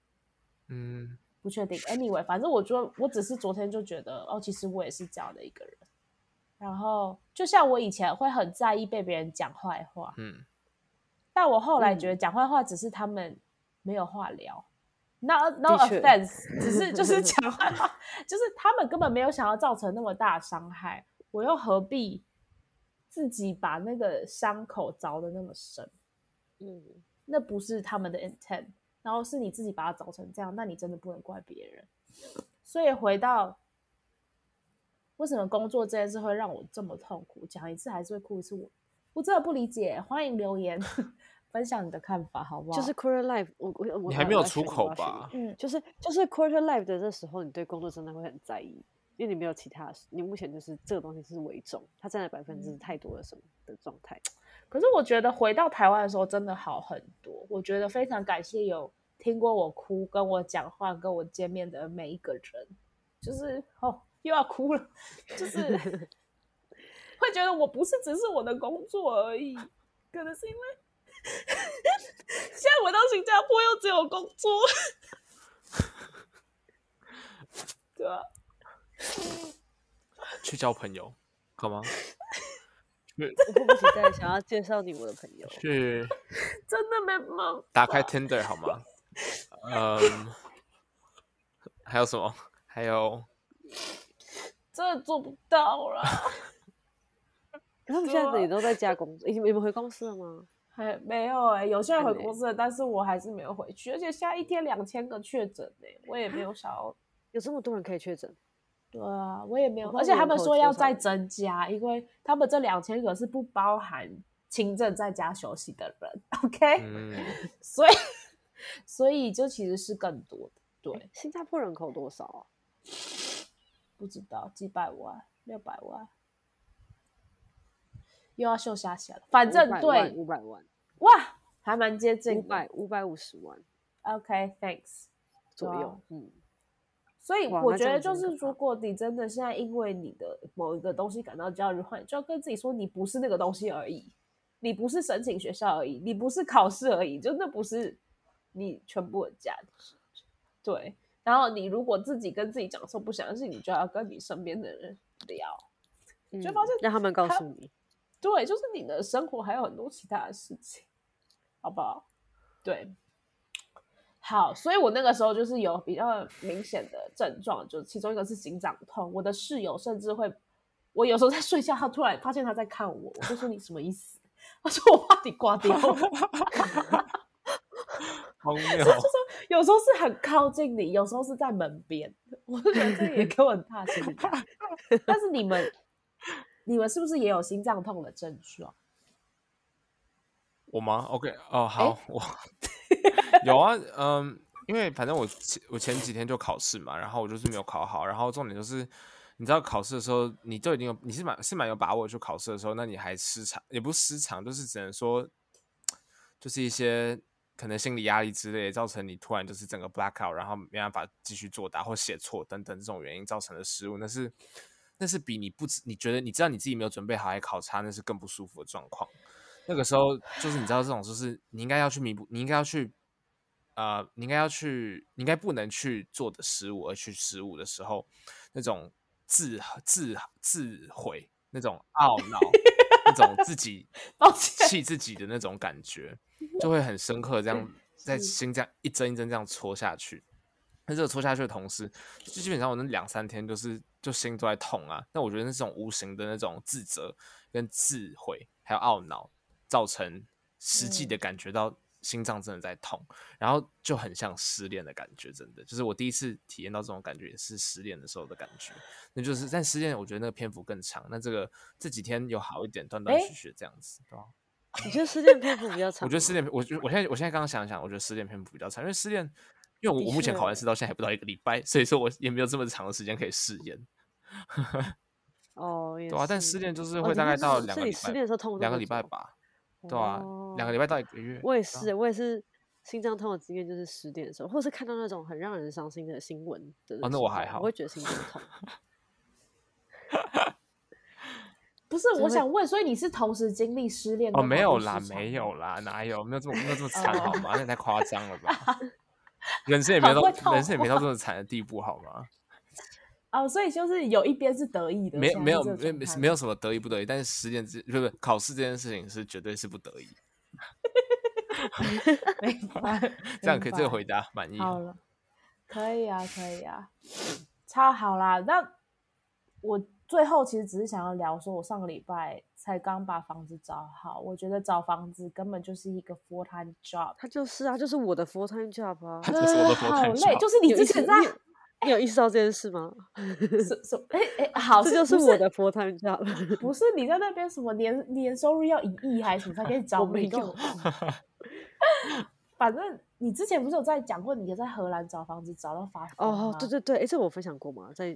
嗯，不確定。Anyway，反正我覺得，我只是昨天就覺得，哦，其實我也是這樣的一個人。然後，就像我以前會很在意被別人講壞話，嗯，但我後來覺得講壞話只是他們沒有話聊，no、嗯、no offense，只是就是講壞話， 就是他們根本沒有想要造成那麼大傷害，我又何必自己把那個傷口鑿的那麼深？嗯，那不是他們的 intent，然後是你自己把它鑿成這樣，那你真的不能怪別人。所以回到。為什麼工作這件事會讓我這麼痛苦？講一次還是會哭一次，我我真的不理解。歡迎留言呵呵分享你的看法，好不好？就是 Quarter Life，我我我你還沒有出口吧？嗯，就是就是 Quarter Life 的這時候，你對工作真的會很在意，因為你沒有其他，你目前就是這個東西是為重，它佔了百分之太多的什麼的狀態，嗯。可是我覺得回到台灣的時候真的好很多，我覺得非常感謝有聽過我哭、跟我講話、跟我見面的每一個人，就是、嗯、哦。又要哭了，就是會覺得我不是只是我的工作而已，可能是因為現在我到新加坡又只有工作，對吧？去交朋友好嗎？我迫不及待 想要介紹你我的朋友。去真的沒忙？打開 Tinder 好嗎？ 嗯，還有什麼？還有。真的做不到了。 他們現在也都在家工作，你、欸、們你們回公司了嗎？還、欸、沒有哎、欸，有些人回公司了，但是我還是沒有回去。而且現在一天兩千個確診呢，我也沒有想要。有這麼多人可以確診？對啊，我也沒有。我我而且他們說要再增加，因為他們這兩千個是不包含輕症在家休息的人。OK，、嗯、所以所以就其實是更多的。對，欸、新加坡人口多少啊？不知道幾百萬、六百萬，又要秀下限了。反正500對五百萬，哇，還蠻接近五百五百五十萬。OK，thanks，、okay, 左,左右，嗯。所以我覺得，就是如果你真的現在因為你的某一個東西感到焦慮，的話，你就要跟自己說，你不是那個東西而已，你不是申請學校而已，你不是考試而已，就那不是你全部的價值，對。然後你如果自己跟自己講說不相信，你就要跟你身邊的人聊，嗯、你就發現讓他們告訴你。對，就是你的生活還有很多其他的事情，好不好？對，好。所以我那個時候就是有比較明顯的症狀，就其中一個是心臟痛。我的室友甚至會，我有時候在睡覺，他突然發現他在看我，我就說你什麼意思？ 他說我怕你掛掉。好 謬 通妙。 有時候是很靠近你，有時候是在門邊。我的名字也跟我很怕一 但是你們，你們是不是也有心臟痛的症狀？我嗎？OK 哦、oh，好，欸、我 有啊。嗯，因為反正我我前幾天就考試嘛，然後我就是沒有考好。然後重點就是，你知道考試的時候，你都已經有，你是蠻是蠻有把握去考試的時候，那你還失常？也不失常，就是只能說，就是一些。可能心理壓力之類的造成你突然就是整個 blackout，然後沒辦法繼續作答或寫錯等等這種原因造成的失誤，那是那是比你不你覺得你知道你自己沒有準備好來考察，那是更不舒服的狀況。那個時候就是你知道這種就是你應該要去彌補，你應該要去呃，你應該要去你應該不能去做的失誤而去失誤的時候，那種自自自毀那種懊惱。 那種自己氣自己的那種感覺，就會很深刻。這樣在心這樣一針一針這樣戳下去，那這個戳下去的同時，就基本上我那兩三天都是就心都在痛啊。那我覺得那種無形的那種自責、跟自悔，還有懊惱，造成實際的感覺到。心臟真的在痛，然後就很像失戀的感覺，真的，就是我第一次體驗到這種感覺，也是失戀的時候的感覺。那就是，但失戀我覺得那個篇幅更長。那這個這幾天有好一點，斷斷續續，續這，樣這樣子。你覺得失戀篇幅比較長？ 我覺得失戀，我覺我現在我現在剛剛想想，我覺得失戀篇幅比較長，因為失戀，因為我、啊、我目前考完試到現在還不到一個禮拜，所以說我也沒有這麼長的時間可以試驗。 哦，對啊，但失戀就是會大概到兩個禮拜。哦就是、你失戀的時候痛多久？兩個禮拜吧。對啊，兩個禮拜到一個月。我也是，啊、我也是，心臟痛的經驗就是失戀的時候，或是看到那種很讓人傷心的新聞的時候。反、哦、我還好，我會覺得心臟痛。哈哈，不是，我想問，所以你是同時經歷失戀？哦，沒有啦，沒有啦，哪有？沒有這麼沒有這麼慘 好嗎？那也太誇張了吧？ 人生也沒到 人生也沒到這麼慘的地步好嗎？哦，所以就是有一邊是得意的？沒沒有沒沒有什麼得意不得意，但是時間之就是考試這件事情是絕對是不得意， 沒辦法， 這樣可以這個回答滿意？好了，可以啊，可以啊，超好啦。那我最後其實只是想要聊，說我上個禮拜才剛把房子找好，我覺得找房子根本就是一個 full time job，他就是啊，就是我的 full time job 啊、嗯他就是我的 full time job 嗯，好累，就是你之前在。你有意識到這件事嗎？什、欸、什？哎 哎、欸欸，好，這就是我的 part time job，你知道嗎？不是你在那邊什麼年年收入要一億還是什麼才可以找？我沒有。 反正你之前不是有在講過，你在荷蘭找房子找到發瘋嗎？哦，對對對，哎、欸，這我分享過嗎？在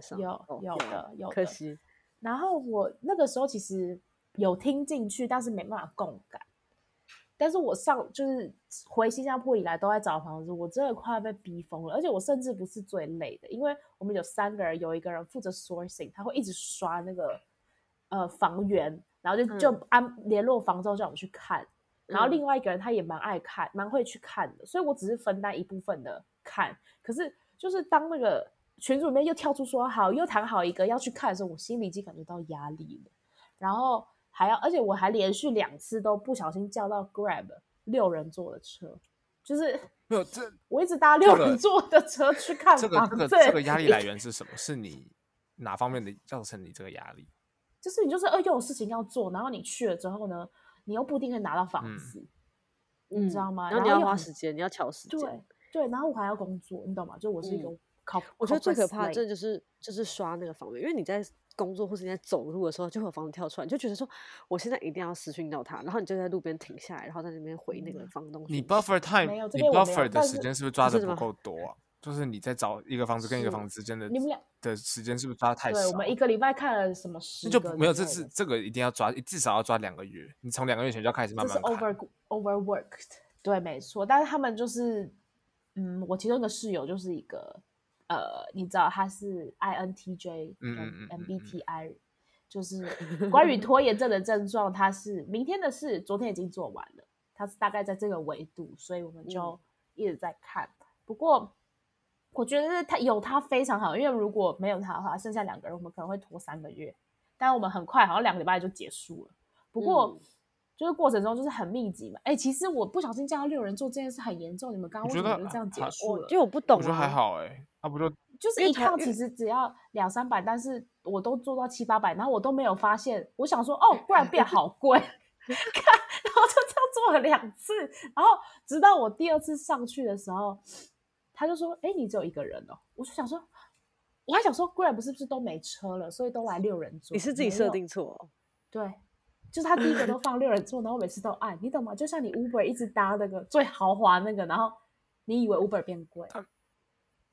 上有？哦、有有，有的有。可惜。然後我那個時候其實有聽進去，但是沒辦法共感。但是我上就是回新加坡以來都在找房子，我真的快要被逼瘋了。而且我甚至不是最累的，因為我們有三個人，有一個人負責 sourcing，他會一直刷那個呃房源，然後就就安聯絡房東叫我去看、嗯。然後另外一個人他也蠻愛看，蠻會去看的，所以我只是分擔一部分的看。可是就是當那個群組裡面又跳出說好，又談好一個要去看的時候，我心裡已經感覺到壓力了。然後。還要，而且我還連續兩次都不小心叫到 Grab 六人座的車，就是沒有這，我一直搭六人座的車去看房。這個對，這個這個壓力來源是什麼？是你哪方面的造成你這個壓力？ 就是你就是呃，又有，有事情要做，然後你去了之後呢，你又不一定會拿到房子，嗯、你知道嗎、嗯？然後你要花時間，你要挑時間，對對，然後我還要工作，你懂嗎？就我是一個靠、嗯，Copress、我覺得最可怕的、Slate. 這就是就是刷那個房子，因為你在，工作或者你在走路的時候，就會有房子跳出來，你就覺得說我現在一定要私訊到他，然後你就在路邊停下來，然後在那邊回那個房東。你 buffer time，你 buffer 的時間是不是抓的不夠多啊？就是你在找一個房子跟一個房子之間的，你們倆的時間是不是抓的太少？對，我們一個禮拜看了什麼事。就沒有，這次這個一定要抓，至少要抓兩個月。你從兩個月前就要開始慢慢。over overworked，對，沒錯。但是他們就是，嗯，我其中一個室友就是一個。呃，你知道他是 I N T J，嗯 M B T I，、嗯嗯嗯、就是關於拖延症的症狀， 他是明天的事，昨天已經做完了，他是大概在這個維度，所以我們就一直在看。嗯、不過我覺得他有他非常好，因為如果沒有他的話，剩下兩個人我們可能會拖三個月，但我們很快好像兩個禮拜就結束了。不過、嗯、就是過程中就是很密集嘛，哎，其實我不小心見到六人做這件事很嚴重，你們剛剛為什麼就是、這樣結束了？就我不懂，我覺得還好哎、欸。差不多就是一趟，其實只要兩三百，但是我都做到七八百，然後我都沒有發現。我想說，哦，Grab 變好貴， 看，然後就這樣坐了兩次，然後直到我第二次上去的時候，他就說：“哎、欸，你只有一個人哦、喔。”我就想說，我還想說 Grab 不是不是都沒車了，所以都來六人座？你是自己設定錯、哦，對，就是他第一個都放六人座，然後每次都按，你懂嗎？就像你 Uber 一直搭那個最豪華那個，然後你以為 Uber 變貴。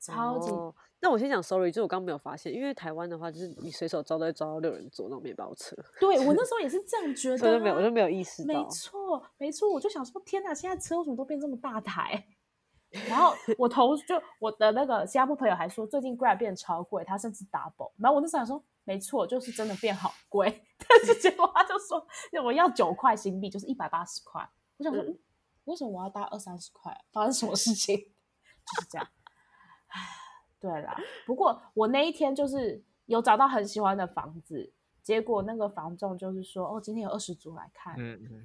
超級。Oh, 那我先講，sorry，就是我剛剛沒有發現，因為台灣的話，就是你隨手招都招到六人座那種麵包車。對我那時候也是這樣覺得、啊對，我就沒有，我就沒有意識到。沒錯，沒錯，我就想說，天哪，現在車為什麼都變這麼大台？然後我頭 就我的那個新加坡朋友還說，最近 Grab 變超貴，他甚至 double。然後我那時候想說，沒錯，就是真的變好貴。 但是結果他就說，我要九塊新幣，就是一百八十塊。我想說、嗯嗯，為什麼我要搭二三十塊、啊？發生什麼事情？就是這樣。 唉，對啦。不過我那一天就是有找到很喜歡的房子，結果那個房仲就是說，哦，今天有二十組來看，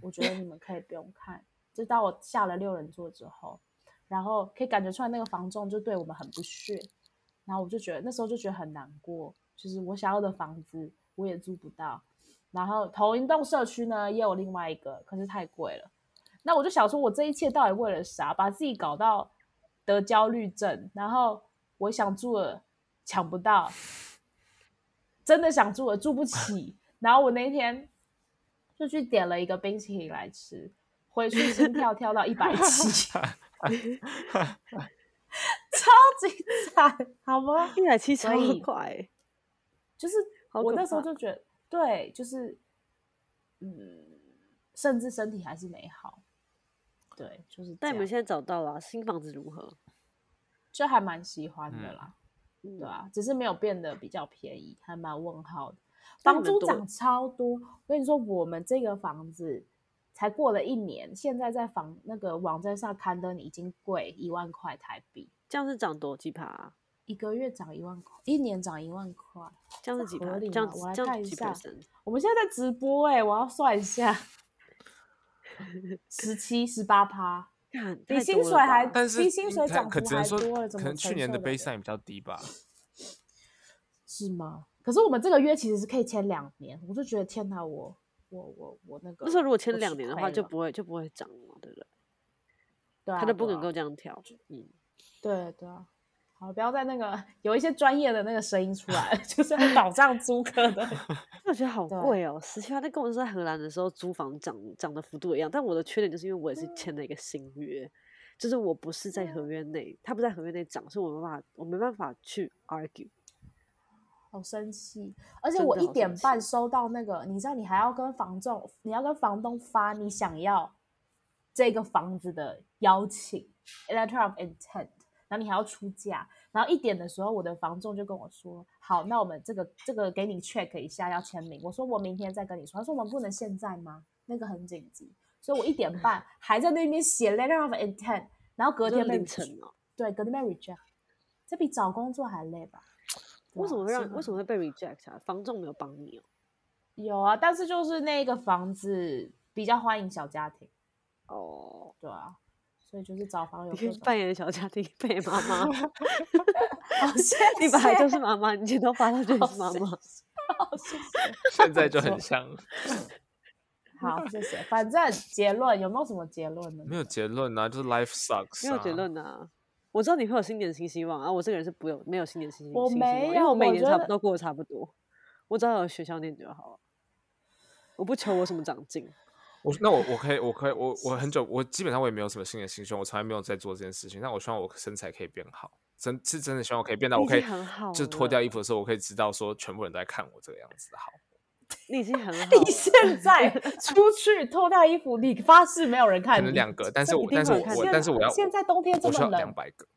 我覺得你們可以不用看。就到我下了六人座之後，然後可以感覺出來那個房仲就對我們很不屑，然後我就覺得那時候就覺得很難過，就是我想要的房子我也租不到，然後同一棟社區呢也有另外一個，可是太貴了，那我就想說，我這一切到底為了啥？把自己搞到。得焦慮症，然後我想住的搶不到，真的想住的住不起， 然後我那一天就去點了一個冰淇淋來吃，回去心跳跳到一百七， 超精彩，好嗎？一百七一塊，就是我那時候就覺得，對，就是嗯，甚至身體還是沒好。對，就是。但你們現在找到了、啊、新房子如何？就還蠻喜歡的啦，嗯、對吧、啊？只是沒有變得比較便宜，還蠻問號的。房租漲超多，我跟你說，我們這個房子才過了一年，現在在房那個網站上看的已經貴一萬塊台幣。這樣是漲多幾趴、啊？一個月漲一萬塊，一年漲一萬塊，這樣是幾趴？這樣我來看一下。我們現在在直播哎、欸，我要算一下。十七、十八趴，比薪水還，比薪水漲幅還多了可怎麼，可能去年的 base 比較低吧，是嗎？可是我們這個約其實是可以簽兩年，我就覺得天哪，我、我、我、我那個那時候如果簽兩年的話，就不會就不會漲了，對不對？對啊、他都不能夠這樣跳，啊、嗯，對對、啊。好，不要再那個，有一些專業的那個聲音出來，就是保障租客的。 我覺得好貴哦、喔，十七萬，ó, 那跟我們在荷蘭的時候租房漲漲的幅度一樣。但我的缺點就是因為我也是簽了一個新約、嗯，就是我不是在合約內，他不在合約內漲，所以我沒辦法，我沒辦法去 argue。好生氣！而且我一點半收到那個，你知道，你還要跟房東，你要跟房東發你想要這個房子的邀請，letter of intent。你還要出價，然後一點的時候，我的房仲就跟我說：“好，那我們這個這個給你 check 一下，要簽名。”我說：“我明天再跟你說。”他說：“我們不能現在嗎？那個很緊急。”所以我一點半還在那邊寫 letter of intent，、嗯、然後隔天被拒、哦。對，隔天被 reject，這比找工作還累吧？為什麼會讓為什麼會被 reject 啊？房仲沒有幫你哦？有啊，但是就是那個房子比較歡迎小家庭。哦、oh.，對啊。.所以就是找房友，你扮演小家庭，扮演媽媽。謝 好笑 你本來就是媽媽，你全都發到就是媽媽。謝謝。現在就很像。 好，謝謝。反正結論，有沒有什麼結論呢？ 沒有結論啊，就是 life sucks、啊。沒有結論啊。我知道你會有新年新希望啊，我這個人是不有沒有新年新，新，新希望。我沒有，因為我每年差不多得都過得差不多。我只要有學校念就好了，我不求我什麼長進。我那我我可以我可以我我很久我基本上我也沒有什麼新的新希望，我從來沒有在做這件事情。但我希望我身材可以變好，真是真的希望我可以變到很好我可以，就是脫掉衣服的時候，我可以知道說全部人都在看我這個樣子。好，你已經很好， 你現在出去脫掉衣服，你發誓沒有人看你。兩個，但是我但是我，我但是我要現在冬天這麼冷，兩百個，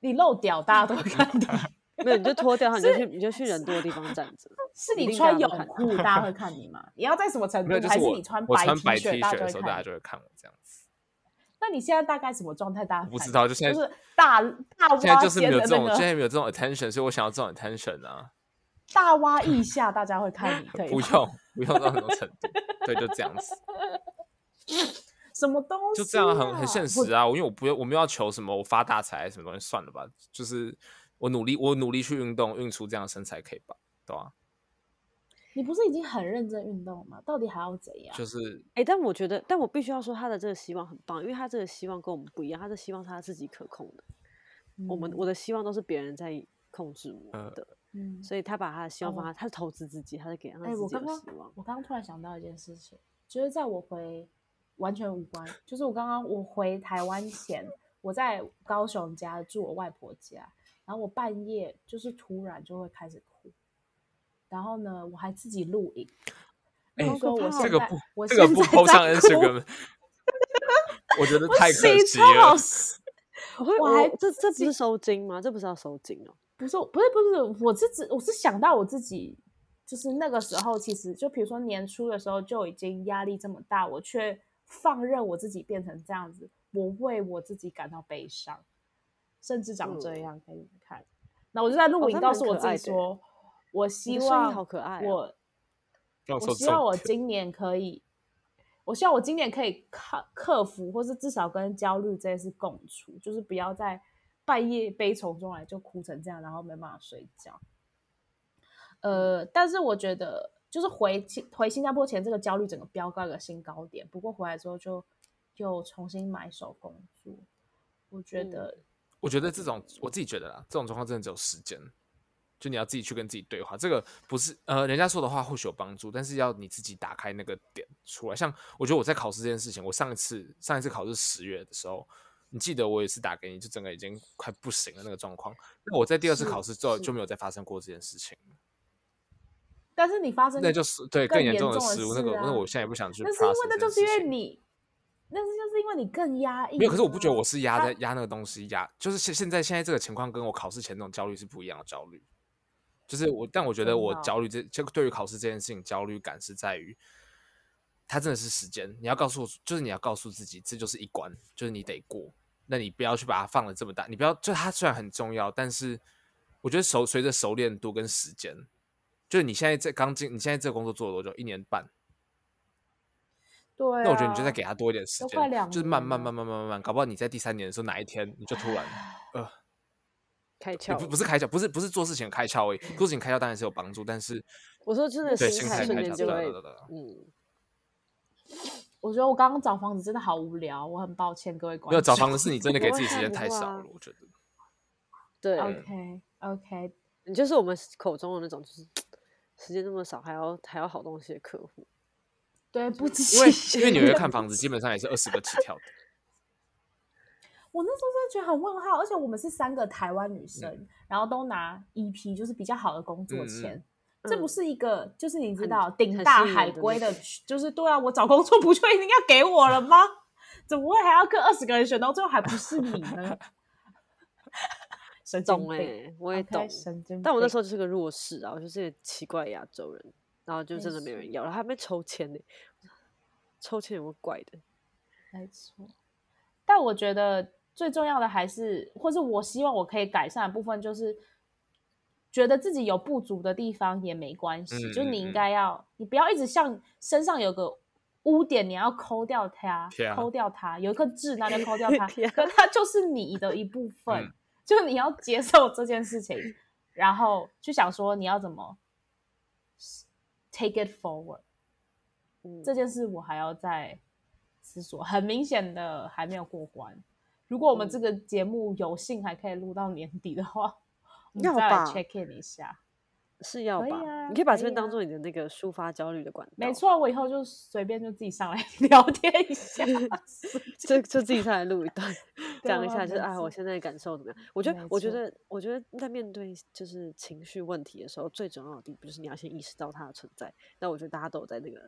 你露屌大家都會看到。 沒有，你就脫掉，你就去，你就去人多的地方站着。是你穿泳褲， 大家會看你嗎？你要在什麼程度？ 就是、還是你穿白，穿白 T 恤，大家就會看我這樣子。那你現在大概什麼狀態？大家我不知道，就現在就是大大、那個，現在就是沒有這種， 現在沒有這種 attention，所以我想要這種 attention 啊。大挖一下， 大家會看你。可以看你 不用，不用到很多程度，對， 就這樣子。什麼東西、啊？就這樣，很很現實啊。因為我不要，我沒有要求什麼，我發大財什麼東西，算了吧，就是。我努力，我努力去運動，運出這樣的身材可以吧？對吧、啊？你不是已經很認真運動了嗎？到底還要怎樣？就是，哎、欸，但我覺得，但我必須要說，他的這個希望很棒，因為他這個希望跟我們不一樣，他的希望是他自己可控的。嗯、我們我的希望都是別人在控制我的，嗯，所以他把他的希望放在、嗯、他，是投資自己，他是給他自己的希望。我剛剛，我剛剛，我剛剛突然想到一件事情，就是在我回完全無關，就是我剛剛我回台灣前， 我在高雄家住，我外婆家。然後我半夜就是突然就會開始哭，然後呢，我還自己錄影。哎，說我現在這個不，我在在這個不抽 我覺得太可惜了。 我還， 我還這這不，是 我還 這，這不是收金嗎？這不是要收金哦？ 不是，不是，不是，我是指我是想到我自己，就是那個時候其實就比如說年初的時候就已經壓力這麼大，我卻放任我自己變成這樣子，我為我自己感到悲傷。甚至長這樣、嗯、給你們看，那我就在錄影、哦、告訴我自己說，我希望我，啊、我我希望我今年可以、嗯，我希望我今年可以克克服，或是至少跟焦慮這些事共處，就是不要在半夜悲從中來就哭成這樣，然後沒辦法睡覺。呃，但是我覺得，就是回新回新加坡前，這個焦慮整個飆高一個新高點。不過回來之後就又重新埋首工作，我覺得、嗯。我覺得這種，我自己覺得啦，這種狀況真的只有時間，就你要自己去跟自己對話。這個不是呃，人家說的話或許有幫助，但是要你自己打開那個點出來。像我覺得我在考試這件事情，我上一次上一次考試十月的時候，你記得我也是打給你，就整個已經快不行了那個狀況。那我在第二次考試之後就沒有再發生過這件事情。但是你發生那就是對更嚴重的失誤，那、就是失誤啊那個那個、我現在也不想去。那是因為那就是因為你。但是就是因為你更壓抑、啊，沒有，可是我不覺得我是壓在壓那個東西壓，就是現現在現在這個情況跟我考試前的那種焦慮是不一樣的焦慮，就是我，但我覺得我焦慮這，就對於考試這件事情焦慮感是在於，它真的是時間，你要告訴，就是你要告訴自己，這就是一關，就是你得過，那、嗯、你不要去把它放的這麼大，你不要，就它雖然很重要，但是我覺得熟隨着熟練度跟時間，就是你現在這剛進，你現在這個工作做了多久？一年半。對、啊，那我覺得你就再給他多一點時間，都快兩年了，就是慢慢慢慢慢慢慢，搞不好你在第三年的時候哪一天你就突然 呃開竅，你不不是開竅，不是不是做事情開竅而已，做事情開竅當然是有幫助，但是我說真的心態，對，心態開竅，瞬間就會對對對，嗯。我覺得我剛剛找房子真的好無聊，我很抱歉各位沒有找房子是你真的給自己時間太少了，我覺得。 對。OK OK，你就是我們口中的那種，就是時間這麼少還要還要好東西的客戶。對不起，因為 因為紐約看房子基本上也是二十個起跳的。 我那時候真的覺得很問號，而且我們是三個台灣女生、嗯，然後都拿 EP，就是比較好的工作簽、嗯。這不是一個，嗯、就是你知道頂大海歸的，就是對啊，我找工作不就一定要給我了嗎？ 怎麼會還要跟二十個人選，然後最後還不是你呢？ 神懂哎、欸，我也懂 okay。但我那時候就是個弱勢啊，我就是奇怪亞洲人。然後就真的沒有人要，然後還沒抽籤呢、欸，抽籤有個怪的？沒錯，但我覺得最重要的還是，或是我希望我可以改善的部分，就是覺得自己有不足的地方也沒關係，嗯、就你應該要、嗯，你不要一直像身上有個污點，你要摳掉它、嗯，摳掉它，有一顆痣那就摳掉它，嗯、可它就是你的一部分、嗯，就你要接受這件事情，然後去想說你要怎麼。Take it forward、嗯、這件事我還要再思索。很明顯的還沒有過關。如果我們這個節目有幸還可以錄到年底的話，我們再來 check in 一下。是要把，啊，你可以把這邊當做你的那個抒發焦慮的管道。啊，沒錯，我以後就隨便就自己上來聊天一下， 就就自己上來錄一段，講一下就是啊，我現在感受怎麼樣？我覺得，我覺得，我覺得在面對就是情緒問題的時候，最重要的地步就是你要先意識到它的存在。那我覺得大家都有在那個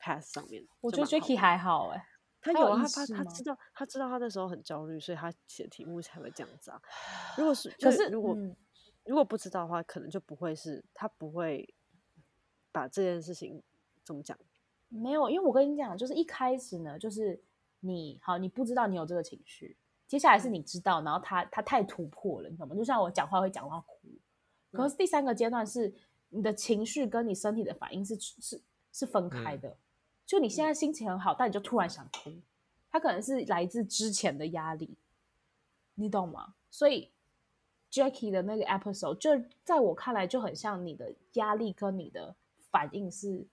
path 上面。我覺得 Jacky 還好哎，欸，他有，他怕他知道，他知道他那時候很焦慮，所以他寫的題目才會這樣子啊。如果是，就是，可是如果。嗯如果不知道的話，可能就不會是他不會把這件事情怎麼講。沒有，因為我跟你講，就是一開始呢，就是你好，你不知道你有這個情緒。接下來是你知道，嗯、然後他他太突破了，你懂嗎？就像我講話會講話哭。可是第三個階段是，你的情緒跟你身體的反應是是是分開的、嗯。就你現在心情很好，但你就突然想哭，他可能是來自之前的壓力，你懂嗎？所以。Jackie 的那個 episode，就在我看來就很像你的壓力跟你的反應是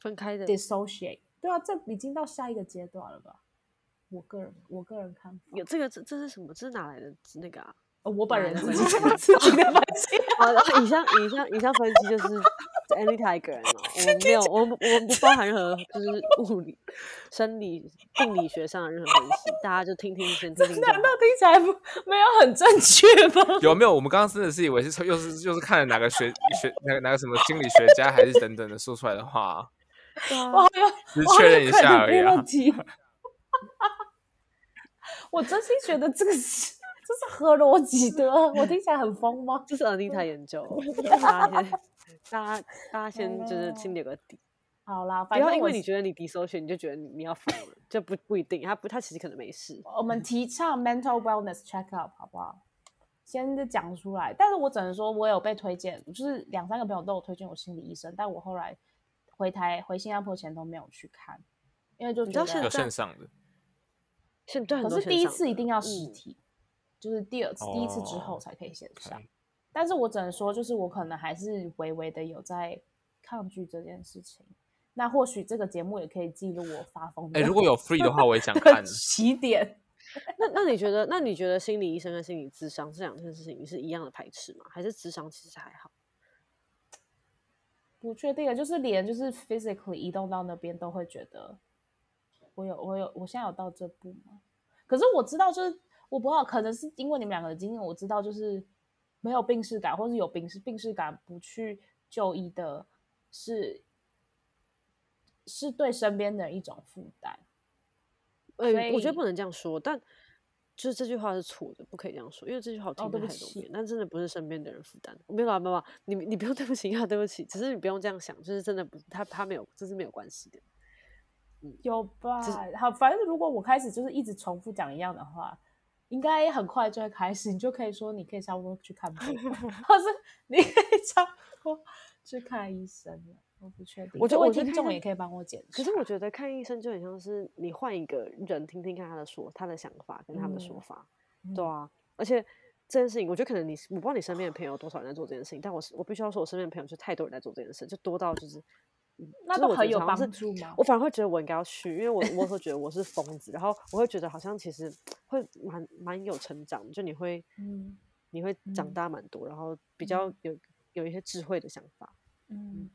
分開的，dissociate。對啊，這已經到下一個階段了吧？我個人我個人看法，有這個這這是什麼？這是哪來的那個啊？哦，我本人自己的分析，啊，以上以上以上分析就是。Anita，我沒有，我不我不包含任何就是物理、生理、病理學上的任何東西，大家就聽聽一些這。難道聽，聽，聽起來不沒有很正確嗎？ 有沒有？我們剛剛真的是以為是又是又是看了哪個學學哪個哪個什麼心理學家還是等等的說出來的話？我有、啊，我確認一下而已、啊。我，我， 我真心覺得這個是這是合邏輯的。 我聽起來很瘋嗎？這是 Anita 研究。 大家大家先就是先留個底，好啦，反正不要因為你覺得你 dissociate 你就覺得你你要 fail 了，就不不一定，他不他其實可能沒事。我們提倡 mental wellness check up，好不好？先講出來。但是我只能說我有被推薦，就是兩三個朋友都有推薦我心理醫生，但我後來回台回新加坡前都沒有去看，因為就你知道現在線上的是對，可是第一次一定要實體，嗯、就是第二次、哦、第一次之後才可以線上。但是我只能說，就是我可能還是微微的有在抗拒這件事情。那或許這個節目也可以記錄我發瘋。哎、欸，如果有 free 的話，我也想看 起點。 那那你覺得？那你覺得心理醫生和心理諮商這兩件事情是一樣的排斥嗎？還是諮商其實還好？不確定啊，就是連就是 physically 移動到那邊都會覺得我，我有我有我現在有到這步嗎？可是我知道，就是我不知道，可能是因為你們兩個的經驗，我知道就是。沒有病識感，或是有病識、病識感不去就醫的是，是是對身邊的一種負擔。欸、我覺得不能這樣說，但就是這句話是錯的，不可以這樣說，因為這句話我聽了很多遍。但真的不是身邊的人負擔，沒有沒有沒有，你你不用對不起啊，對不起，只是你不用這樣想，就是真的不，他他沒有，這是沒有關係的。嗯、有吧？好，反正如果我開始就是一直重複講一樣的話，應該很快就會開始，你就可以說，你可以差不多去看病，這個，或 是你可以差不多去看醫生。我不確定，我覺得聽眾也可以幫我解釋。可是我覺得看醫生就很像是你換一個人聽聽看他的說，他的想法跟他的說法，嗯、對啊、嗯。而且這件事情，我覺得可能你，我不知道你身邊的朋友有多少人在做這件事情，哦、但我我必須要說，我身邊的朋友就是太多人在做這件事，就多到就是。那都很有幫助嗎？就是，我反而會覺得我應該要去，因為我我會覺得我是瘋子， 然後我會覺得好像其實會蠻蠻有成長，就你會，嗯、你會長大蠻多，然後比較有、嗯、有一些智慧的想法。嗯，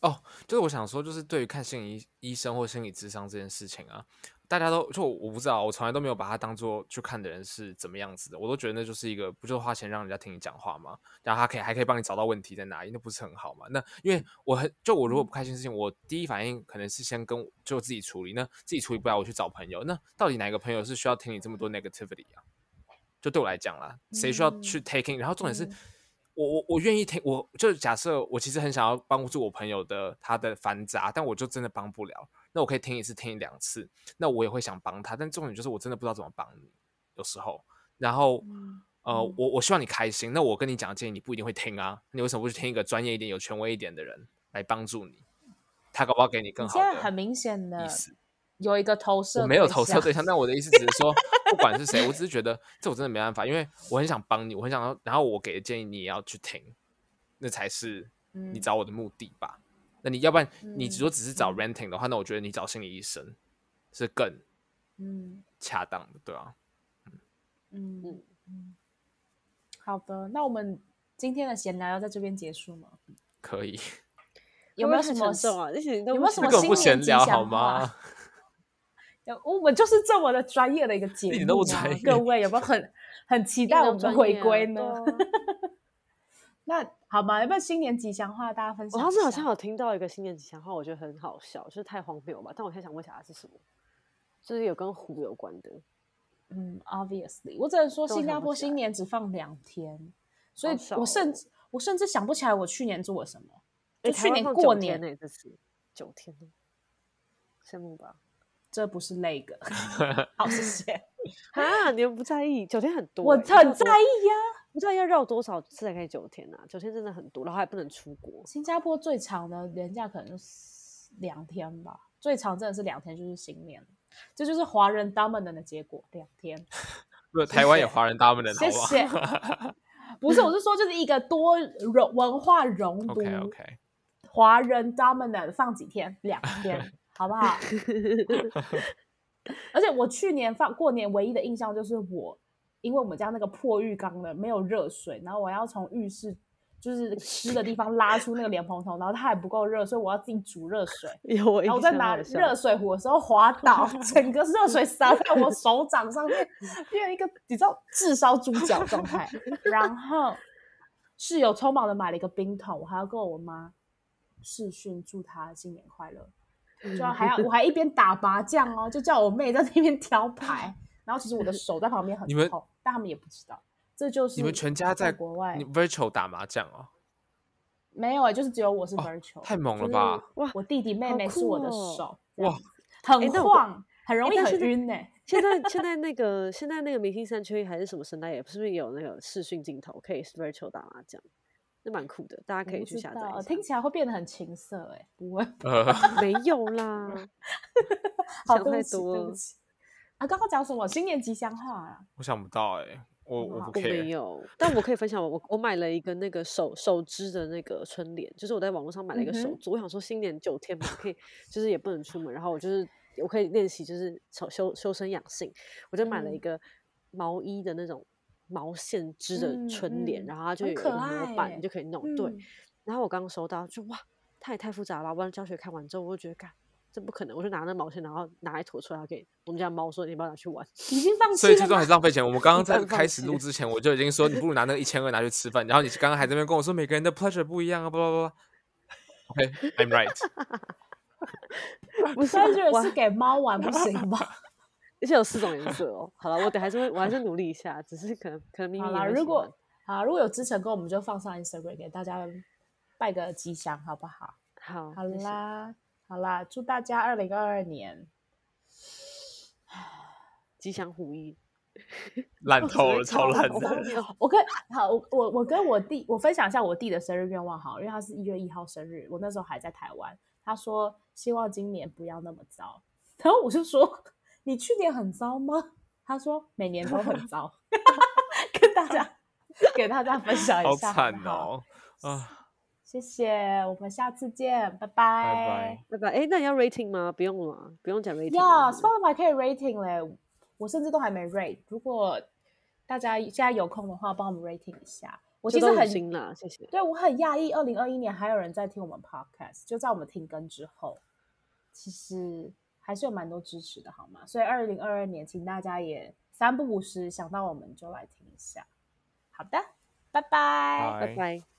哦、oh，就是我想說，就是對於看心理醫生或心理諮商這件事情啊。大家都就我不知道，我從來都沒有把它當做去看的人是怎麼樣子的。我都覺得那就是一個不就花錢讓人家聽你講話嗎？然後他可以還可以幫你找到問題在哪裡，那不是很好嗎？那因為我很就我如果不開心的事情，我第一反應可能是先跟就自己處理。那自己處理不了，我去找朋友。那到底哪個朋友是需要聽你這麼多 negativity 啊？就對我來講啦，誰需要去 take in？嗯，然後重點是。嗯我我我願意聽，我就是假設我其實很想要幫助我朋友的他的繁雜，但我就真的幫不了。那我可以聽一次，聽兩次，那我也會想幫他。但重點就是我真的不知道怎麼幫你，有時候。然後，嗯、呃，我我希望你開心，那我跟你講的建議，你不一定會聽啊。你為什麼不去聽一個專業一點、有權威一點的人來幫助你？他可不可以給你更好？你現在很明顯的，有一個投射，沒有投射對象。那我的意思只是說。 不管是誰，我只是覺得這我真的沒辦法，因為我很想幫你，我很想，然後我給的建議你也要去聽，那才是你找我的目的吧？嗯、那你要不然、嗯、你只說只是找 renting 的話、嗯，那我覺得你找心理醫生是更嗯恰當的，嗯、對吧、啊？嗯嗯好的，那我們今天的閒聊要在這邊結束嗎？可以，有沒有什麼啊？這些都沒有什麼不閒聊，好嗎？有 我我就是這麼的專業的一個節目，各位有沒有很很期待我們的回歸呢？ 那好吧，有沒有新年吉祥話大家分享？我上次好像有聽到一個新年吉祥話，我覺得很好笑，就是太荒謬吧。但我現在想問一下它是什麼，就是有跟虎有關的。嗯，Obviously，我只能說新加坡新年只放兩天，所以我甚、哦、我甚至我甚至想不起來我去年做了什麼。哎，去年、過年、欸、放九天呢、欸，這是九天，羨慕吧。這不是那個， 好謝謝 啊！你們不在意九天很多？欸，我很在意呀！啊！不知道要繞多少次才可以？啊？九天呢？九天真的很多，然後還不能出國。新加坡最長的年假可能就兩天吧，最長真的是兩天，就是新年。這就，就是華人 dominant 的結果，兩天。 如果台灣也華人 dominant，謝謝。謝謝 不是，我是說，就是一個多融文化融都，華 人 dominant 放幾天？兩天。 好不好？ 而且我去年放過年唯一的印象就是，我因為我們家那個破浴缸呢，沒有熱水，然後我要從浴室，就是濕的地方拉出那個蓮蓬頭，然後它還不夠熱，所以我要自己煮熱水。然後我在拿熱水壺的時候滑倒，整個熱水灑在我手掌上面，變成一個你知道炙燒豬腳狀態。然後室友匆忙的買了一個冰桶，我還要跟我媽視訊，祝他新年快樂。就還要我還一邊打麻將哦，就叫我妹在那邊挑牌，然後其實我的手在旁邊很痛，但他們也不知道，這就是國外，你們全家在國外？你 Virtual 打麻將哦？沒有、欸、就是只有我是 Virtual、哦、太猛了吧？哇、就是，我弟弟妹妹是我的手，哇、哦欸，很晃，很容易很暈哎。現在現在那個 現在那個明星三缺一還是什麼神代也不是，不是有那個視訊鏡頭可以 Virtual 打麻將？蠻酷的，大家可以去下載一下。聽起來會變得很情色哎、欸，不會、呃，沒有啦。 想太多好，對，對不起。啊，剛剛講什麼？新年吉祥話啊？我想不到哎、欸，我我不可以我沒有，但我可以分享我我買了一個那個手手織的那個春聯，就是我在網絡上買了一個手織、嗯。我想說新年九天嘛，可以就是也不能出門，然後我就是我可以練習就是修修修身養性，我就買了一個毛衣的那種。嗯毛線織的春聯、嗯嗯，然後它就有一個模板好可愛，你就可以弄。對，嗯、然後我剛剛收到，就哇，它也太複雜了吧。我教學看完之後，我就覺得，幹，這不可能。我就拿那毛線，然後拿一坨出來，給我們家貓說：“你不要拿去玩。”已經放棄，所以最終還是浪費錢。我們剛剛在開始錄之前，我就已經說：“你不如拿那一千二拿去吃飯。 ”然後你剛剛還在那邊跟我說：“每個人的 pleasure 不一樣啊！” blah blah blah okay, I'm right. 不不不，OK，I'm right。我不是，是給貓玩不行嗎？而且有四種顏色哦。好了，我得還是會我還是努力一下，只是可能可能明年。好，如果好，如果有支成功，我們就放上 Instagram 給大家拜個吉祥，好不好？好，好啦，好啦，祝大家二零二二年吉祥虎意。爛透了， 超爛的。我跟好，我我跟我弟，我分享一下我弟的生日願望，好，因為他是一月一號生日，我那時候還在台灣。他說希望今年不要那麼糟。然後我就說。你去年很糟嗎？他說每年都很糟 跟大家 給大家分享一下好不好？好慘哦！啊，謝謝，我們下次見，拜拜，拜拜，哎，那你要 rating 嗎？不用了，不用講 rating。yeah Spotify 可以 rating 嘞，我甚至都還沒 rate。如果大家現在有空的話，幫我們 rating 一下。我其實很了，謝謝。對，我很訝異，二零二一年還有人在聽我們 Podcast，就在我們停更之後，其實。還是有蠻多支持的，好嗎？所以二零二二年，請大家也三不五時想到我們就來聽一下。好的，拜拜，拜拜。